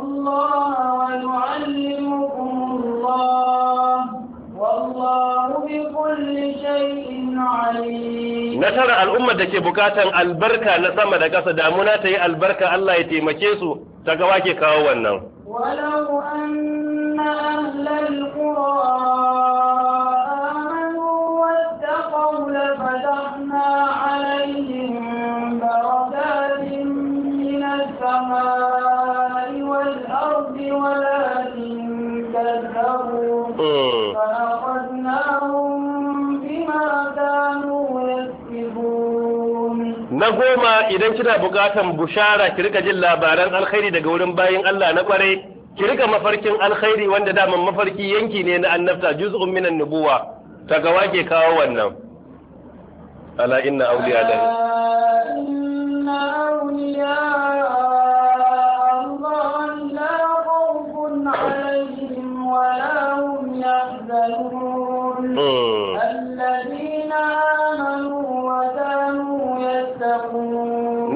الله ويعلمكم الله والله بكل شيء عليم نترى الأمة دكي بكاتا البركة نسمى دكاسة دامنا تي البركة الله يتيمكيسو تقواكي كاوانا ولو أن أهل القرى آمنوا واتقوا لفتحنا عليهم بركات من السماء na goma idan kina bukatan bushara ki rika jin labaran alkhairi daga wurin bayin Allah na kwarai ki rika mafarkin alkhairi wanda daman mafarki yanki ne na annabta juz'un minan nubuwa ta ga wake kawo wannan ala inna awliya da inna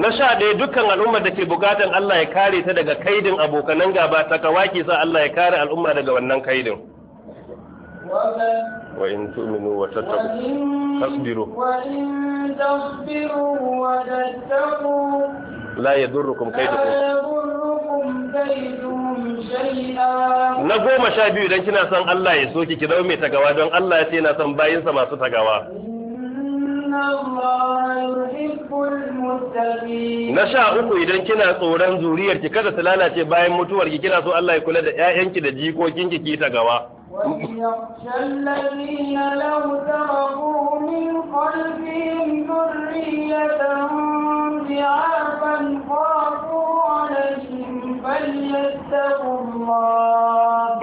Na sha ɗaya dai dukkan al'ummar da ke bukatan Allah ya kare ta daga kaidin abokanan gaba ta kawaki sa Allah ya kare al'umma daga wannan kaidin wa in tu'minu wa tattaqu tasbiru wa in tasbiru wa la yadurrukum kaidukum na goma sha biyu idan kina son Allah ya soki ki zama mai tagawa don Allah ya ce yana son bayinsa masu tagawa na sha uku idan kina tsoron zuriyar ki kada ta lalace bayan mutuwar ki kina so Allah ya kula da ƴaƴanki da jikokin ki ki tagawa Wani فليتقوا الله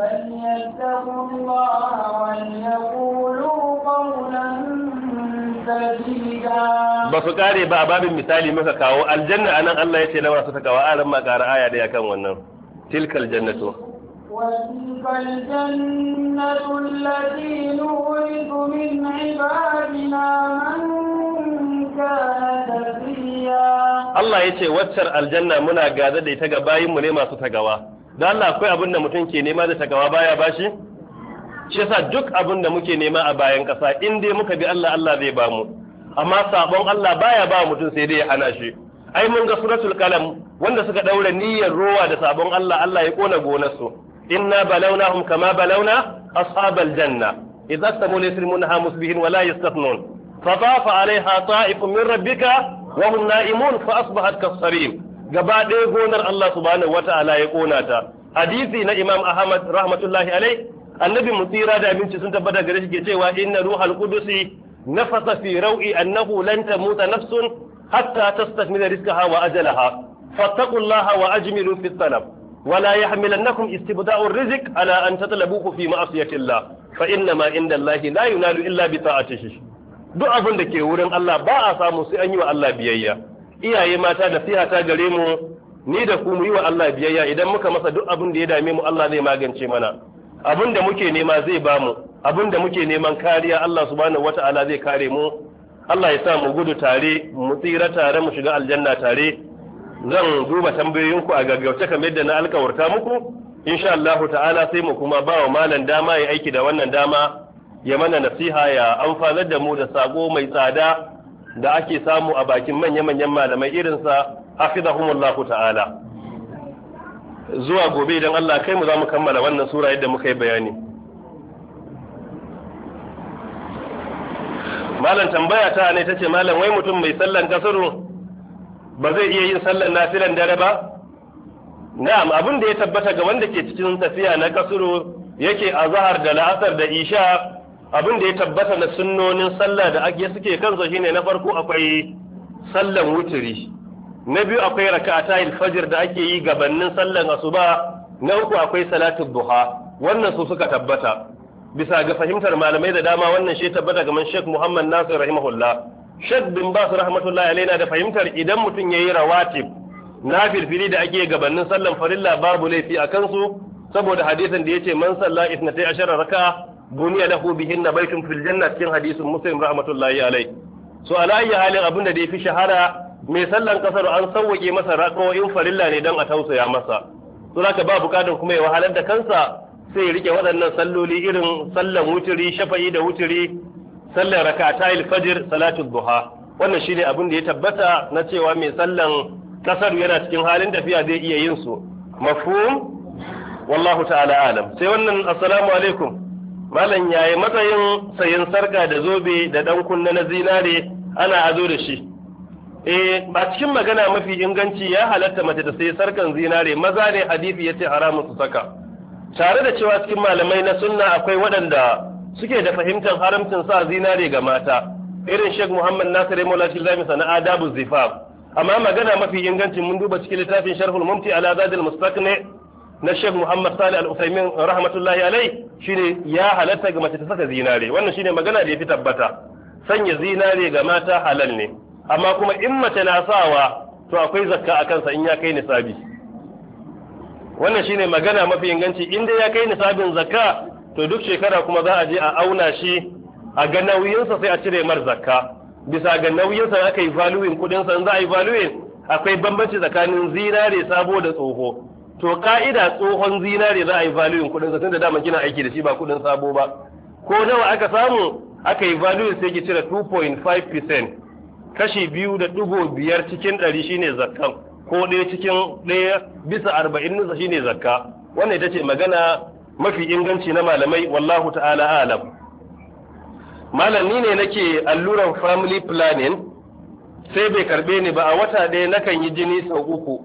فليتقوا الله وليقولوا قولا ba su kare ba a babin misali maka kawo aljanna anan Allah ya ce na masu takawa aran ma kara aya da kan wannan tilkal jannatu watilkal jannatu allati nuridu min ibadina man kana Allah ya ce waccar aljanna muna gaza da ita ga bayinmu ne masu tagawa don Allah akwai abin da mutum ke nema da tagawa baya bashi shi yasa duk abin da muke nema a bayan ƙasa in dai muka bi Allah Allah zai ba mu amma sabon Allah baya ba mutum sai dai ya hana shi ai mun ga suratul kalam wanda suka daura niyyar rowa da sabon Allah Allah ya kona gonar su inna balawnahum kama balawna ashabal janna idza samu yasrimunha musbihin wala yastathnun fa tafa alaiha ta'ifun min rabbika wa na'imun fa asbahat kasarim gaba ɗaya gonar Allah subhanahu wata'ala ya kona ta hadisi na Imam Ahmad rahmatullahi alai annabi Musira da Aminci sun tabbata gare shi ke cewa inna ruhal qudusi nafasa fi rau'i annahu lan tamuta nafsun hatta tastakmila rizqaha wa ajalaha fattaqullaha wa ajmilu fi talab ولا يحملنكم استبداء الرزق على أن تطلبوه في معصية الله فإنما عند الله لا ينال a بطاعته duk abin da ke wurin Allah ba a samu sai an yi wa Allah biyayya iyaye mata da siya gare mu ni da ku mu yi wa Allah biyayya idan muka masa duk abin da ya dame mu Allah zai magance mana abin da muke nema zai ba mu abin da muke neman kariya Allah subhanahu wata'ala zai kare mu Allah ya sa mu gudu tare mu tsira tare mu shiga aljanna tare zan duba tambayoyinku a gaggauce kamar yadda na alkawarta muku insha Allah ta'ala sai mu kuma ba wa malam dama ya aiki da wannan dama ya mana nasiha ya amfanar da mu da sago mai tsada da ake samu a bakin manya-manyan malamai irinsa hafizahumullahu ta'ala zuwa gobe idan Allah kai mu za mu kammala wannan sura yadda muka yi bayani malam tambaya ta ne tace malam wai mutum mai sallan kasuru ba zai iya yin sallan nafilan dare ba na'am abin da ya tabbata ga wanda ke cikin tafiya na kasuru yake azhar da la'asar da isha abin da ya tabbata na sunnonin sallah da ake suke kansa shine na farko akwai sallan wuturi na biyu akwai raka'ata alfajir da ake yi gabanin sallan asuba na uku akwai salatul duha wannan su suka tabbata bisa ga fahimtar malamai da dama wannan shi tabbata gaman Sheikh Muhammad Nasir rahimahullah Sheikh bin Bas rahmatullahi alaihi na da fahimtar idan mutum yayi rawatib na firfiri da ake gabanin sallan farilla babu laifi a kansu saboda hadisin da yace man salla 12 raka'a buniya lahu bihin na baitun fil na cikin hadisin muslim rahmatullahi alai so ala ayi halin abin da fi shahara mai sallan kasar an sauwake masa raƙo'in farilla ne don a tausaya masa so zaka ba bukatun kuma ya wahalar da kansa sai ya rike waɗannan salloli irin sallan wuturi shafa'i da wuturi sallan rakatayil fajir salatu duha wannan shine abin da ya tabbata na cewa mai sallan kasar yana cikin halin tafiya zai iya yin su mafhum wallahu ta'ala alam sai wannan assalamu alaikum malam yayi matsayin sayin sarka da zobe da dan kunna na zinare ana azo da shi eh ba cikin magana mafi inganci ya halatta mace da sayi sarkan zinare maza ne hadisi yace haramun su saka tare da cewa cikin malamai na sunna akwai waɗanda suke da fahimtar haramcin sa zinare ga mata irin Sheikh Muhammad Nasir Mola Shilami sana adabu zifaf amma magana mafi inganci mun duba cikin littafin Sharhul Mumti ala Zadil Mustaqni na Sheikh Muhammad Salih al uthaymeen rahmatullahi alai shine ya halatta ga mace ta saka zinare wannan shine magana da yafi tabbata sanya zinare ga mata halal ne amma kuma in mace na sawa to akwai zakka a kansa in ya kai nisabi wannan shine magana mafi inganci in dai ya kai nisabin zakka to duk shekara kuma za a je a auna shi a ga nauyinsa sai a cire mar zakka bisa ga nauyinsa aka yi valuing kudinsa in za a yi valuing akwai bambanci tsakanin zinare sabo da tsoho to ka'ida tsohon zinare za a yi valuyin kudin sa tunda dama kina aiki da shi ba kudin sabo ba ko nawa aka samu aka yi valuyin sai ki cire 2.5% kashi biyu da dubu biyar cikin ɗari shine zakka, ko ɗaya cikin ɗaya bisa arba'in nisa shine zakka wannan ita ce magana mafi inganci na malamai wallahu ta'ala alam malami ne nake alluran family planning sai bai karbe ni ba a wata ɗaya nakan yi jini sau uku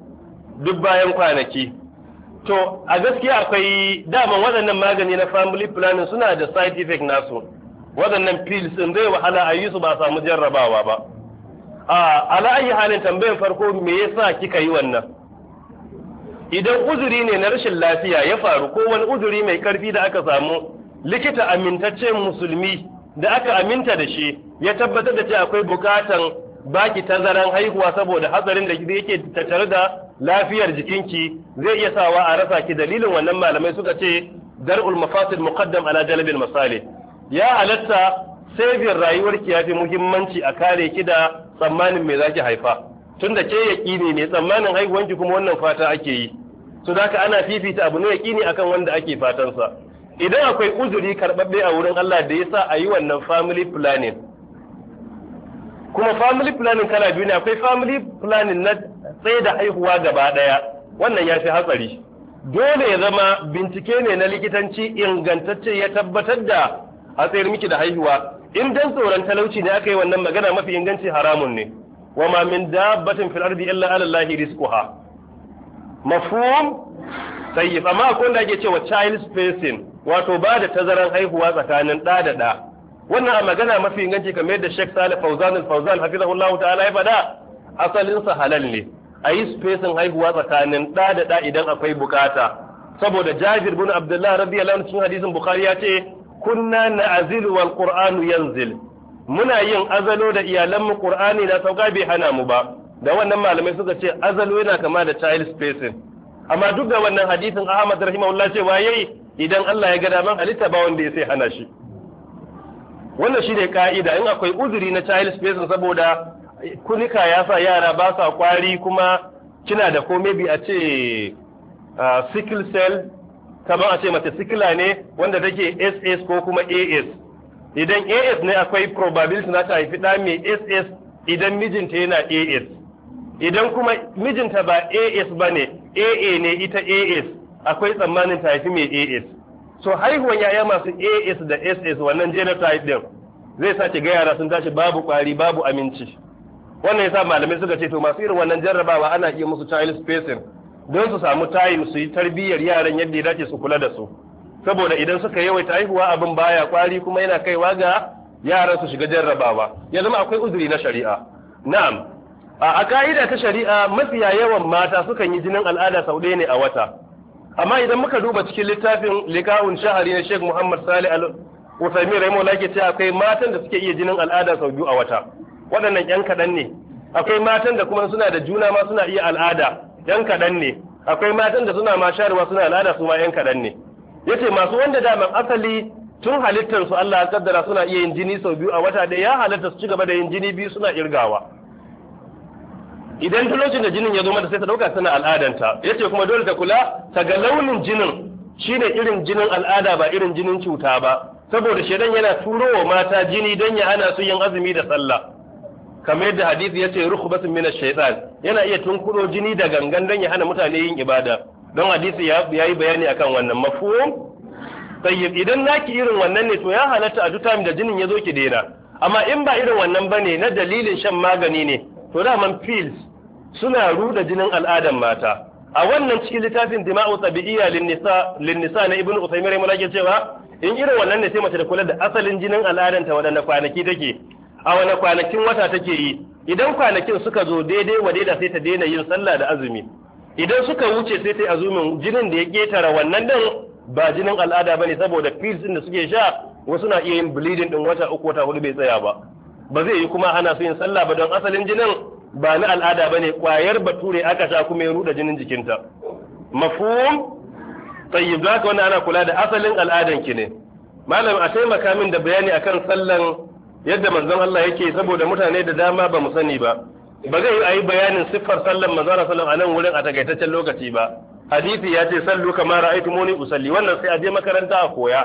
duk bayan kwanaki to a gaskiya akwai daman waɗannan magani na family planning suna da side effect nasu waɗannan pills ɗin zai wahala a yi su ba samu jarrabawa ba a ala halin tambayar farko me yasa kika yi wannan idan uzuri ne na rashin lafiya ya faru ko wani uzuri mai karfi da aka samu likita amintaccen musulmi da aka aminta da shi ya tabbatar da cewa akwai bukatan baki tazaran haihuwa saboda hatsarin da yake tattare da lafiyar jikinki zai iya sawa a rasa ki dalilin wannan malamai suka ce dar'ul mafasid muqaddam ala jalbil masalih ya halatta sabiyar rayuwarki ya fi muhimmanci a kare ki da tsammanin me zaki haifa tunda ke yaƙini ne tsammanin haihuwanki kuma wannan fata ake yi su zaka ana fifita abu ne akan wanda ake fatansa idan akwai uzuri karɓaɓɓe a wurin Allah da yasa a yi wannan family planning kuma family planning kala biyu ne akwai family planning na tsaye da haihuwa gaba daya wannan ya fi hatsari dole ya zama bincike ne na likitanci ingantacce ya tabbatar da a tsayar miki da haihuwa in dan tsoron talauci ne aka yi wannan magana mafi inganci haramun ne wa ma min dabbatin fil ardi illa ala allahi rizquha mafhum tayyib amma akwai wanda ake cewa child spacing wato ba da tazaran haihuwa tsakanin da da da wannan a magana mafi inganci kamar da Sheikh Salih Fauzan al-Fauzan hafizahullahu ta'ala ya faɗa asalin sa halal ne a yi spacing haihuwa tsakanin ɗa da da idan akwai bukata saboda Jabir bin Abdullah radiyallahu anhu cikin hadisin Bukhari ya ce kunna na'zilu wal Qur'anu yanzil muna yin azalo da iyalanmu Qur'ani na sauka bai hana mu ba da wannan malamai suka ce azalo yana kama da child spacing amma duk da wannan hadisin Ahmad rahimahullah cewa yayi idan Allah ya ga daman halitta ba wanda ya sai hana shi wannan shi ne ka'ida in akwai uzuri na child spacing saboda kunika ya sa yara ba sa kwari kuma kina da ko maybe a ce sickle cell kamar a ce mace sickle ne wanda take ss ko kuma as idan as ne akwai probability na ta haifi ɗa mai ss idan mijinta yana as idan kuma mijinta ba as ba ne aa ne ita as akwai tsammanin ta haifi mai as so haihuwan yaya masu AS da SS wannan genotype din zai sa ga yara sun tashi babu kwari babu aminci wannan yasa malamai suka ce to masu irin wannan jarrabawa ana iya musu child spacing don su samu time su yi tarbiyyar yaran yadda ya dace su kula da su saboda idan suka yawaita haihuwa abin baya kwari kuma yana kaiwa ga yaran su shiga jarrabawa ya zama akwai uzuri na shari'a na'am a ka'ida ta shari'a mafiya yawan mata sukan yi jinin al'ada sau ɗaya ne a wata amma idan muka duba cikin littafin likawun shahari na Sheikh Muhammad sale Al raimo rahimahullah ke cewa akwai matan da suke iya jinin al'ada sau biyu a wata waɗannan yan kaɗan ne akwai matan da kuma suna da juna ma suna iya al'ada yan kaɗan ne akwai matan da suna ma sharuwa suna al'ada su ma yan kaɗan ne ce masu wanda daman asali tun halittar su Allah ya kaddara suna iya yin jini sau biyu a wata da ya halatta su ci gaba da yin jini biyu suna irgawa idan ta lokacin da jinin ya zo mata sai ta dauka tana al'adanta ce kuma dole ta kula ta ga launin jinin shine irin jinin al'ada ba irin jinin cuta ba saboda shaidan yana turowa mata jini don ya ana su yin azumi da sallah kamar yadda hadisi ce, rukhbatun min ash-shaytan yana iya tunkuro jini da gangan don ya hana mutane yin ibada don hadisi ya yi bayani akan wannan mafhum tayyib idan naki irin wannan ne to ya halatta a duk da jinin ya zo ki daina amma in ba irin wannan bane na dalilin shan magani ne to daman pills suna ruda jinin al'adan mata a wannan cikin littafin dima'u tabi'iyya lin nisa na ibnu usaymin rahimahullah ke cewa in irin wannan ne sai mace da kula da asalin jinin al'adan ta wadanne kwanaki take a wani kwanakin wata take yi idan kwanakin suka zo daidai wa daida sai ta daina yin sallah da azumi idan suka wuce sai ta azumin jinin da ya ketara wannan din ba jinin al'ada bane saboda pills din da suke sha wasu na iya yin bleeding din wata uku wata hudu bai tsaya ba ba zai yi kuma ana su yin sallah ba don asalin jinin ba na al'ada bane kwayar bature aka sha kuma ya ruɗa jinin jikinta mafhum tayyib ka wannan ana kula da asalin al'adan ki ne malam a taimaka min da bayani akan sallan yadda manzon Allah yake saboda mutane da dama ba mu sani ba ba zai yi bayanin siffar sallan manzon Allah a nan wurin a takaitaccen lokaci ba hadisi ya ce sallu kamar ra'aytumuni usalli wannan sai a je makaranta a koya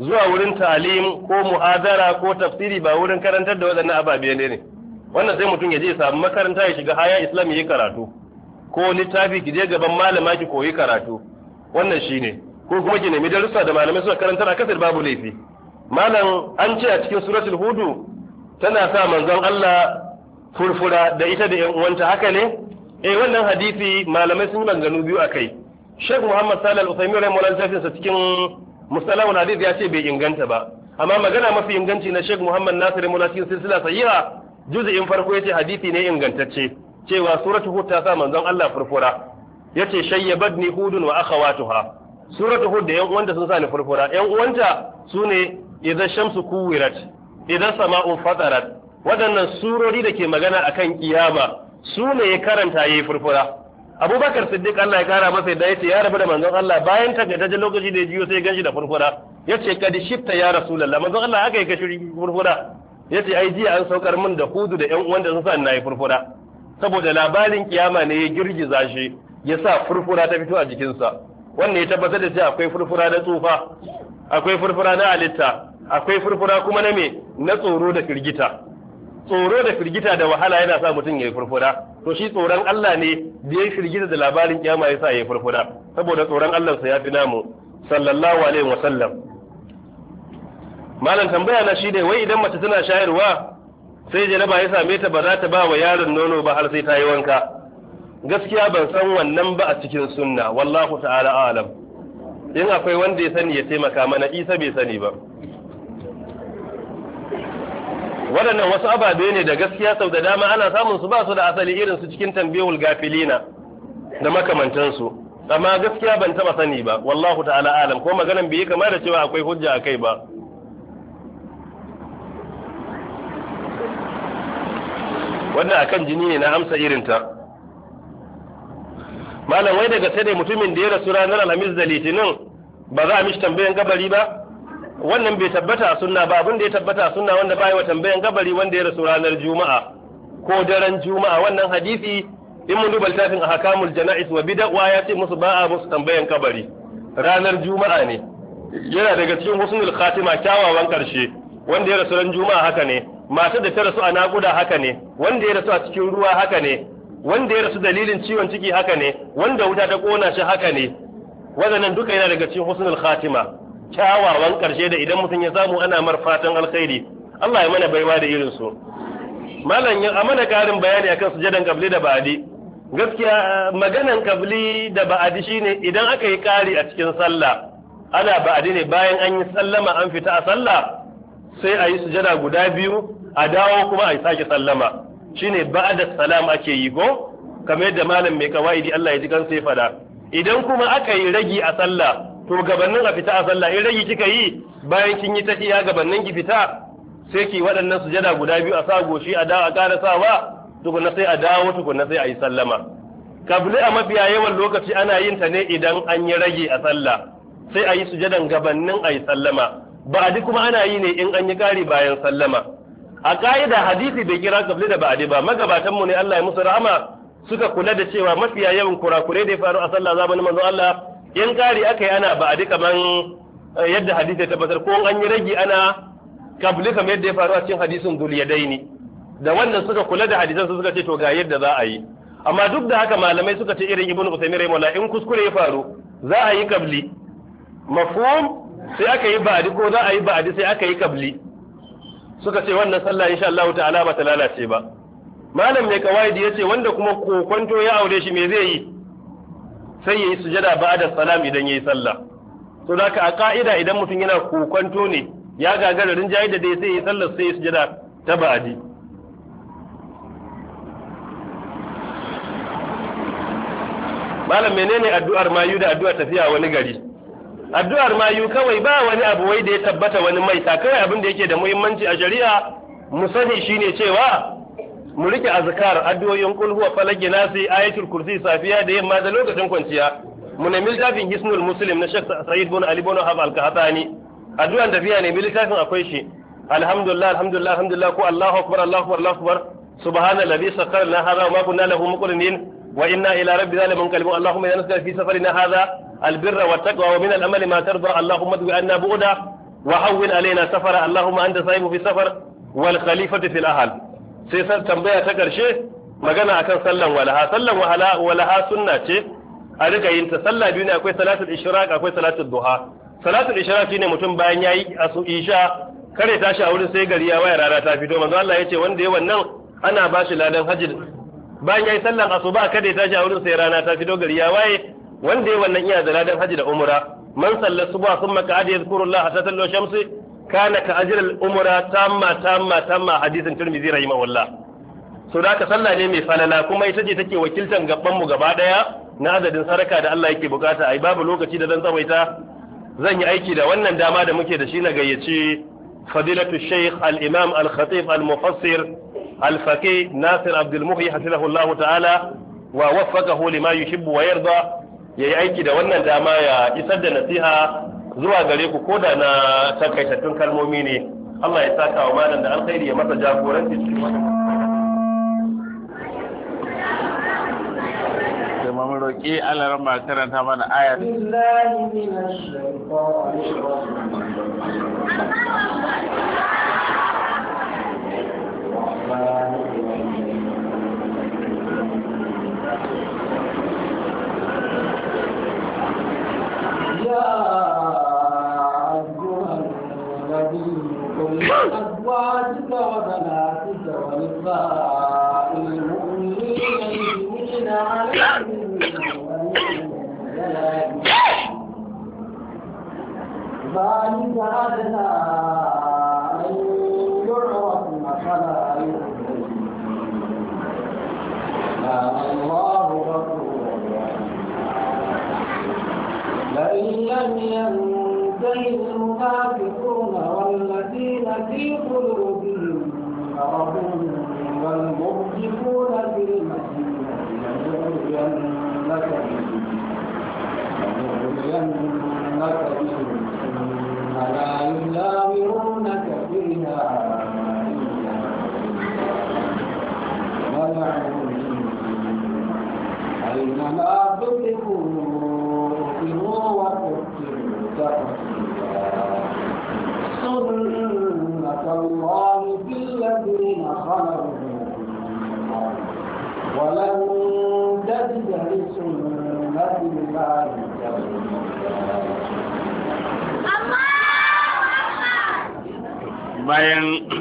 zuwa wurin talim ko muhadara ko tafsiri ba wurin karantar da waɗannan ababe ne ne wannan sai mutum ya je samu makaranta ya shiga haya islam yi karatu ko littafi ki je gaban malama ki koyi karatu wannan shine ko kuma ki nemi darussa da malamai suka karantar a kasar babu laifi malam an ce a cikin suratul hudu tana sa manzon Allah furfura da ita da 'yan uwanta haka ne eh wannan hadisi malamai sun yi maganganu biyu akai Sheikh Muhammad Salih Al-Uthaymeen rahimahullah cikin musalawun hadith ya ce bai inganta ba amma magana mafi inganci na Sheikh Muhammad Nasir Mula cikin silsila sahiha juz'in farko yace hadithi ne ingantacce cewa suratu hud ta sa manzon Allah furfura yace shayyabadni hudun wa akhawatuha suratu hud da yan uwanta sun sa ni furfura yan uwanta sune idza shamsu kuwirat idza sama'u fatarat waɗannan surori da ke magana akan kiyama su ne ya karanta yayi furfura abubakar siddiq Allah ya kara masa yadda yace ya rabu da manzon Allah bayan ta ga lokaci da ya jiyo sai ganshi da furfura yace kad shifta ya rasulullah manzon Allah aka yi shiri furfura yace ai jiya an saukar min da hudu da yan uwan da sun sa nayi furfura saboda labarin kiyama ne ya girgiza shi ya sa furfura ta fito a jikinsa wannan ya tabbatar da cewa akwai furfura na tsufa akwai furfura na alitta akwai furfura kuma na me na tsoro da firgita tsoro da firgita da wahala yana sa mutum ya yi furfura to shi tsoron Allah ne da ya firgita da labarin kiyama ya sa ya yi furfura saboda tsoron Allah sa ya fi namu sallallahu alaihi sallam. malam tambaya na shi ne wai idan mace tana shayarwa sai janaba ya same ta ba za ta ba wa yaron nono ba har sai ta yi wanka gaskiya ban san wannan ba a cikin sunna wallahu ta'ala alam in akwai wanda ya sani ya taimaka mana isa bai sani ba waɗannan wasu ababe ne da gaskiya sau da dama ana samun su ba su da asali irin su cikin tambayul gafilina da makamantansu amma gaskiya ban taba sani ba wallahu ta'ala alam ko maganan bai kama da cewa akwai hujja akai ba wannan akan jini ne na amsa irin ta. malam wai daga sai mutumin da ya rasu ranar alhamis da litinin ba za a mishi tambayan gabari ba wannan bai tabbata sunna ba abin da ya tabbata sunna wanda bai wa tambayan gabari wanda ya rasu ranar juma'a ko daren juma'a wannan hadisi in mun duba littafin ahkamul jana'is wa bid'a ya ce musu ba'a musu tambayan kabari ranar juma'a ne yana daga cikin husnul khatima kyawawan karshe wanda ya rasu ran juma'a haka ne matar da ta rasu a naƙuda haka ne wanda ya rasu a cikin ruwa haka ne wanda ya rasu dalilin ciwon ciki haka ne wanda wuta ta kona shi haka ne Wannan duka yana daga cikin husnul khatima kyawawan ƙarshe da idan mutum ya samu ana mar fatan alkhairi Allah ya mana baiwa da irin su malam ya amana karin bayani akan sujadan kabli da ba'adi gaskiya maganan kabli da ba'adi shine idan aka yi kari a cikin sallah ana ba'adi ne bayan an yi sallama an fita a sallah sai a yi sujada guda biyu a dawo kuma a yi sake sallama shine ba'da salam ake yi ko kamar yadda malam mai kawaidi Allah ya ji kan sai fada idan kuma aka yi ragi a sallah to gabanin a fita a sallah in rage kika yi bayan kin yi tafiya gabanin ki fita sai ki waɗannan sujada guda biyu a sa goshi a da a ƙara sawa tukunna sai a dawo tukunna sai a yi sallama kabli a mafiya yawan lokaci ana yin ta ne idan an yi rage a sallah sai a yi sujadan gabanin a yi sallama ba a kuma ana yi ne in an yi ƙari bayan sallama a ka'ida hadisi bai kira kabli da ba'adi ba magabatanmu ne Allah ya musu rahama suka kula da cewa mafiya yawan kurakurai da ya faru a sallah zamanin manzo Allah in kari aka yi ana ba a duka eh, yadda hadisi ya tabbatar ko an yi ragi ana kabli kamar yadda ya faru a cikin hadisin ne da wannan suka kula da hadisan suka ce to ga yadda za a yi amma duk da haka malamai suka ce irin ibnu usaimin rahimahullah in kuskure ya faru za a yi kabli mafhum sai aka yi ba'adi ko za a yi ba'adi sai aka yi kabli suka ce wannan sallah insha Allah ta'ala ba ta lalace ba malam mai ya ce wanda kuma kokonto ya aure shi me zai yi sai ya yi sujada da salam idan ya yi sallah to ka a ka'ida idan mutum yana kokonto ne ya gagara jayi da dai sai ya yi sallah sai ya sujada ta ba'adi malam menene addu'ar mayu da addu'ar tafiya wani gari addu'ar mayu kawai ba wani abu wai da ya tabbata wani mai kawai abin da yake da muhimmanci a shari'a mu sani shine cewa mu rike azkar addu'o'in kul huwa falaki nasi ayatul kursi safiya da yamma da lokacin kwanciya mu nemi littafin hisnul muslim na shek sa'id bin ali bin hab al-kahtani addu'an tafiya ne littafin akwai shi alhamdulillah alhamdulillah alhamdulillah ko allahu akbar allahu akbar allahu akbar subhanallazi sakkara lana hadha wa ma kunna lahu muqrinin wa inna ila rabbina lamunqalibun allahumma inna nas'aluka fi safarina hadha البر والتقوى ومن الأمل ما ترضى اللهم ادو عنا بغدا وهون علينا سفر اللهم أنت صاحب في السفر والخليفة في الأهل sai san tambaya ta ƙarshe magana akan sallan walaha sallan walaha sunna ce a rika yin ta sallah biyu ne akwai salatul ishraq akwai salatul duha salatul ishraq shine mutum bayan yayi asu isha kare tashi a wurin sai gari ya waya rana ta fito manzo Allah yace wanda ya wannan ana ba shi ladan hajji bayan yayi sallan asuba kada tashi a wurin sai rana ta fito gari ya waye wanda ya wannan iya da ladan hajji da umra man salla subha thumma qa'ada yadhkurullaha hatta tallu shamsi kana ka ajral umra tamma tamma tamma hadisin tirmidhi rahimahullah so da ka sallah ne mai falala kuma ita ce take wakiltan gabanmu mu gaba daya na adadin saraka da Allah yake bukata ai babu lokaci da zan tsawaita zan yi aiki da wannan dama da muke da shi na gayyaci fadilatu shaykh al-imam al-khatib al-mufassir al faqi Nasir Abdul Muhyi hafizahullahu ta'ala wa waffaqahu lima yuhibbu wa yarda yayi aiki da wannan dama ya isar da nasiha zuwa gare ku koda na takaitattun kalmomi ne Allah ya saka wa malam da alkhairi ya masa jagoranci cikin wannan da mun roƙi Allah ran karanta mana ayar Yeah. أزواجك وبناتك ونساء المؤمنين يدعون عليهم ذلك أدنى أن يعرفن فلا يؤذين كان الله غفورا لئن لم ينته في قلوبهم مرض والمرجفون في المسجد لنغرينك بهم ثم لا يجاورونك فيها أينما تدركوا أقيموا وتكفروا bayan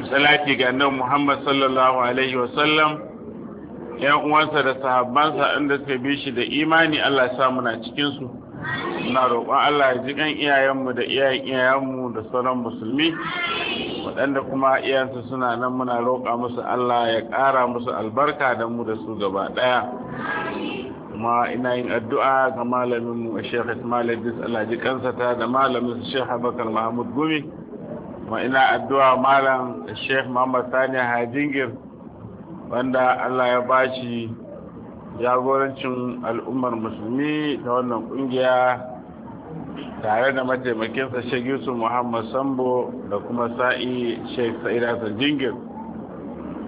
salati ga annabi Muhammad sallallahu alaihi wa sallam, yan uwansa da sahabbansa inda suka bi shi da imani Allah ya sa muna cikin su muna roƙon Allah ya ji kan iyayenmu da iyayen iyayenmu da sauran musulmi waɗanda kuma iyansu suna nan muna roƙa musu Allah ya ƙara musu albarka da mu da su gaba ɗaya kuma ina yin addu'a ga malamin mu Sheikh Ismail Idris Allah kansa ta da malamin Sheikh Abubakar Mahmud Gumi kuma ina addu'a malam Sheikh Muhammad Sani Hajingir wanda Allah ya bashi jagorancin al'ummar musulmi ta wannan ƙungiya tare da mataimakinsa Sheikh Yusuf Muhammad Sambo da kuma sa'i Sheikh Sa'id Hassan Jingir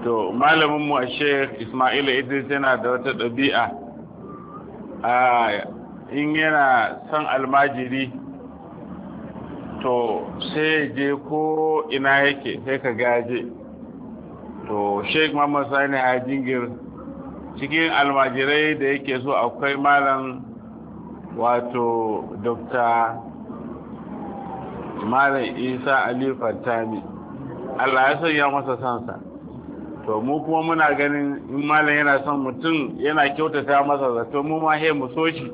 to malamin mu Sheikh Ismail Idris yana da wata ɗabi'a a in yana son almajiri to sai je ko ina yake sai ka gaje to Sheikh Muhammad Sani jingir cikin almajirai da yake so akwai malam wato dr malam isa ali fattami allah ya sanya masa sansa to mu kuma muna ganin in malam yana son mutum yana kyautata masa zato mu ma he mu so shi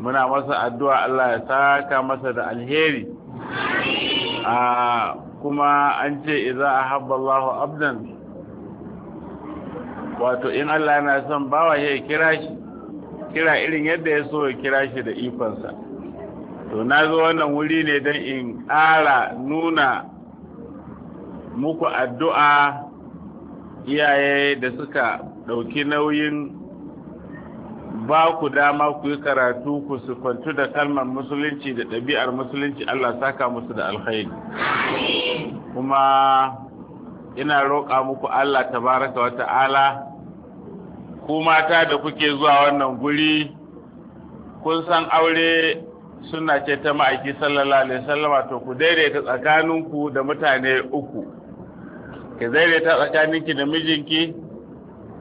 muna masa addu'a allah ya saka masa da alheri a kuma an ce idza ahabba allahu abdan wato in allah yana son bawa ya kira shi kira irin yadda ya so ya kira shi da ifansa. to na zo wannan wuri ne don in ƙara nuna muku addu'a iyaye da suka ɗauki nauyin ba ku dama ku yi karatu ku sufantu da kalmar musulunci da ɗabi'ar musulunci Allah saka musu da alkhairi kuma ina roƙa muku Allah tabaraka wa ta'ala ku mata da kuke zuwa wannan guri kun san aure suna ce ta ma'aiki sallallahu alaihi sallama to ku daidaita tsakaninku da mutane uku ki daidaita tsakaninki da mijinki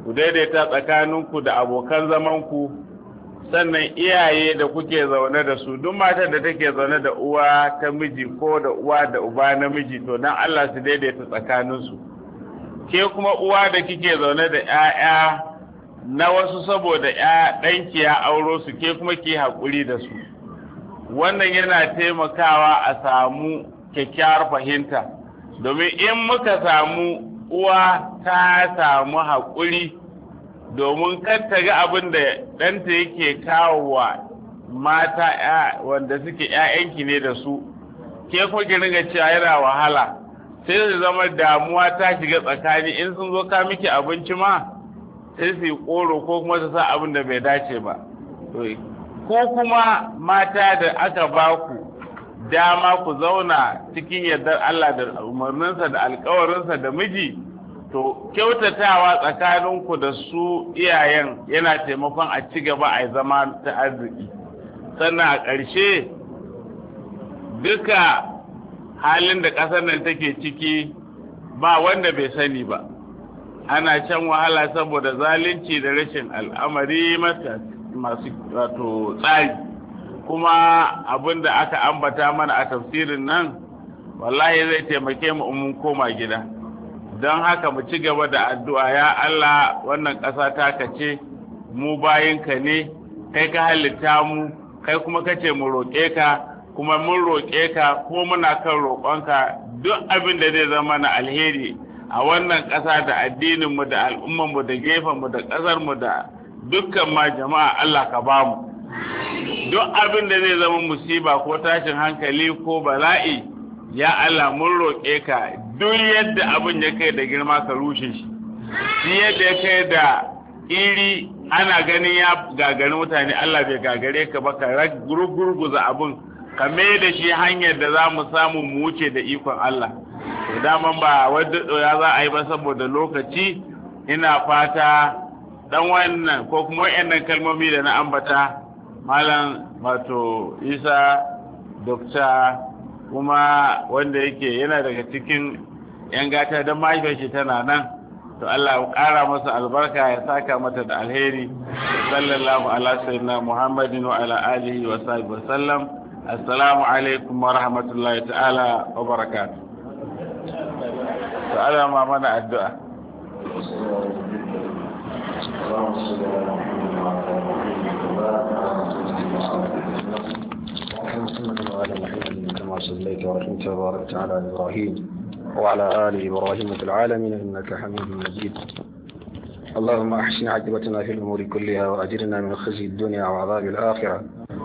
ku daidaita tsakaninku da abokan zamanku sannan iyaye da kuke zaune da su duk matar da take zaune da uwa ta miji ko da uwa da uba na miji to dan Allah su daidaita tsakaninsu ke kuma uwa da kike zaune da 'ya'ya na wasu saboda ɗanki ya auro su ke kuma ke haƙuri da su wannan yana taimakawa a samu kyakkyawar fahimta domin in muka samu uwa ta samu haƙuri domin ta ga abin da ɗanta yake kawo wa mata wanda suke ‘ya'yanki ne da su ke ki ringa cewa yana wahala sai su zama damuwa ta shiga tsakani in sun zo ka miki abinci ma sai su yi ƙoro ko kuma su sa abin da bai dace ba ko kuma mata da aka ba ku dama ku zauna cikin yardar Allah da umarninsa da alkawarinsa da miji to kyautatawa tsakaninku da su iyayen yana taimakon a ci gaba a zama ta arziki sannan a ƙarshe duka halin da ƙasar nan take ciki ba wanda bai sani ba ana can wahala saboda zalunci da rashin al'amari masu masu wato tsari kuma abin da aka ambata mana a tafsirin nan wallahi zai taimake mu mun koma gida don haka mu ci gaba da addu'a ya Allah wannan ƙasa ta kace mu bayinka ne kai ka halitta mu kai kuma kace mu roƙe ka kuma mun roƙe ka ko muna kan roƙonka duk abin da zai zama na alheri a wannan ƙasa da addininmu da mu da gefenmu da ƙasarmu da dukkan ma jama'a Allah ka ba mu duk abin da zai zama musiba ko tashin hankali ko bala'i ya Allah mun roƙe ka duk yadda abin ya kai da girma ka rushe shi shi yadda ya kai da iri ana ganin ya gagari mutane Allah bai gagare ka ba ka gurguza abin ka mai da shi hanyar da za mu samu mu wuce da ikon Allah da daman ba wadda ya za a yi ba saboda lokaci ina fata dan wannan ko kuma wayannan kalmomi da na ambata malam wato isa dokta kuma wanda yake yana daga cikin yan gata don mahaifiyar shi tana nan to Allah ya ƙara masa albarka ya saka mata da alheri sallallahu ala sayyidina muhammadin wa ala alihi wa sahbihi wa sallam assalamu alaikum wa rahmatullahi ta'ala wa barakatuh to Allah ma mana addu'a اللهم صل على محمد وعلى آله محمد محمد وعلى محمد كما صليت ورحمت وباركت على ابراهيم وعلى ال ابراهيم في العالمين انك حميد مجيد اللهم احسن عاقبتنا في الامور كلها واجرنا من خزي الدنيا وعذاب الاخره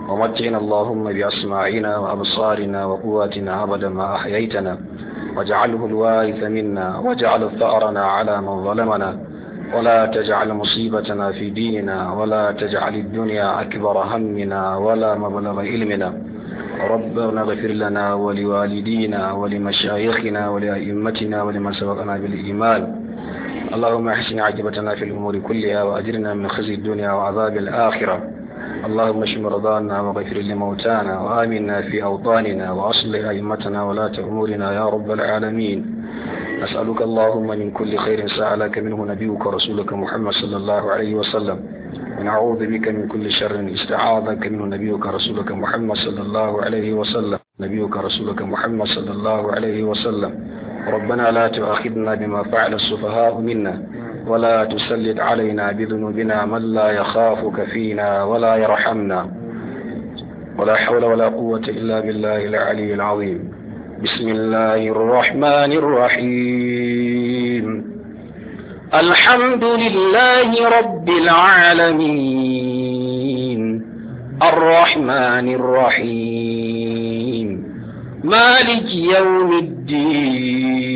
ومتعنا اللهم بأسماعنا وأبصارنا وقواتنا أبدا ما أحييتنا واجعله الوارث منا واجعل ثأرنا على من ظلمنا ولا تجعل مصيبتنا في ديننا ولا تجعل الدنيا أكبر همنا ولا مبلغ علمنا ربنا اغفر لنا ولوالدينا ولمشايخنا ولأئمتنا ولمن سبقنا بالإيمان اللهم احسن عاقبتنا في الأمور كلها وأجرنا من خزي الدنيا وعذاب الآخرة اللهم اشف مرضانا وغفر لموتانا وآمنا في أوطاننا وأصلح أئمتنا ولاة أمورنا يا رب العالمين نسألك اللهم من كل خير سألك منه نبيك ورسولك محمد صلى الله عليه وسلم ونعوذ بك من كل شر استعاذك منه نبيك رسولك محمد صلى الله عليه وسلم نبيك رسولك محمد صلى الله عليه وسلم ربنا لا تؤاخذنا بما فعل السفهاء منا ولا تسلط علينا بذنوبنا من لا يخافك فينا ولا يرحمنا ولا حول ولا قوة إلا بالله العلي العظيم بسم الله الرحمن الرحيم الحمد لله رب العالمين الرحمن الرحيم مالك يوم الدين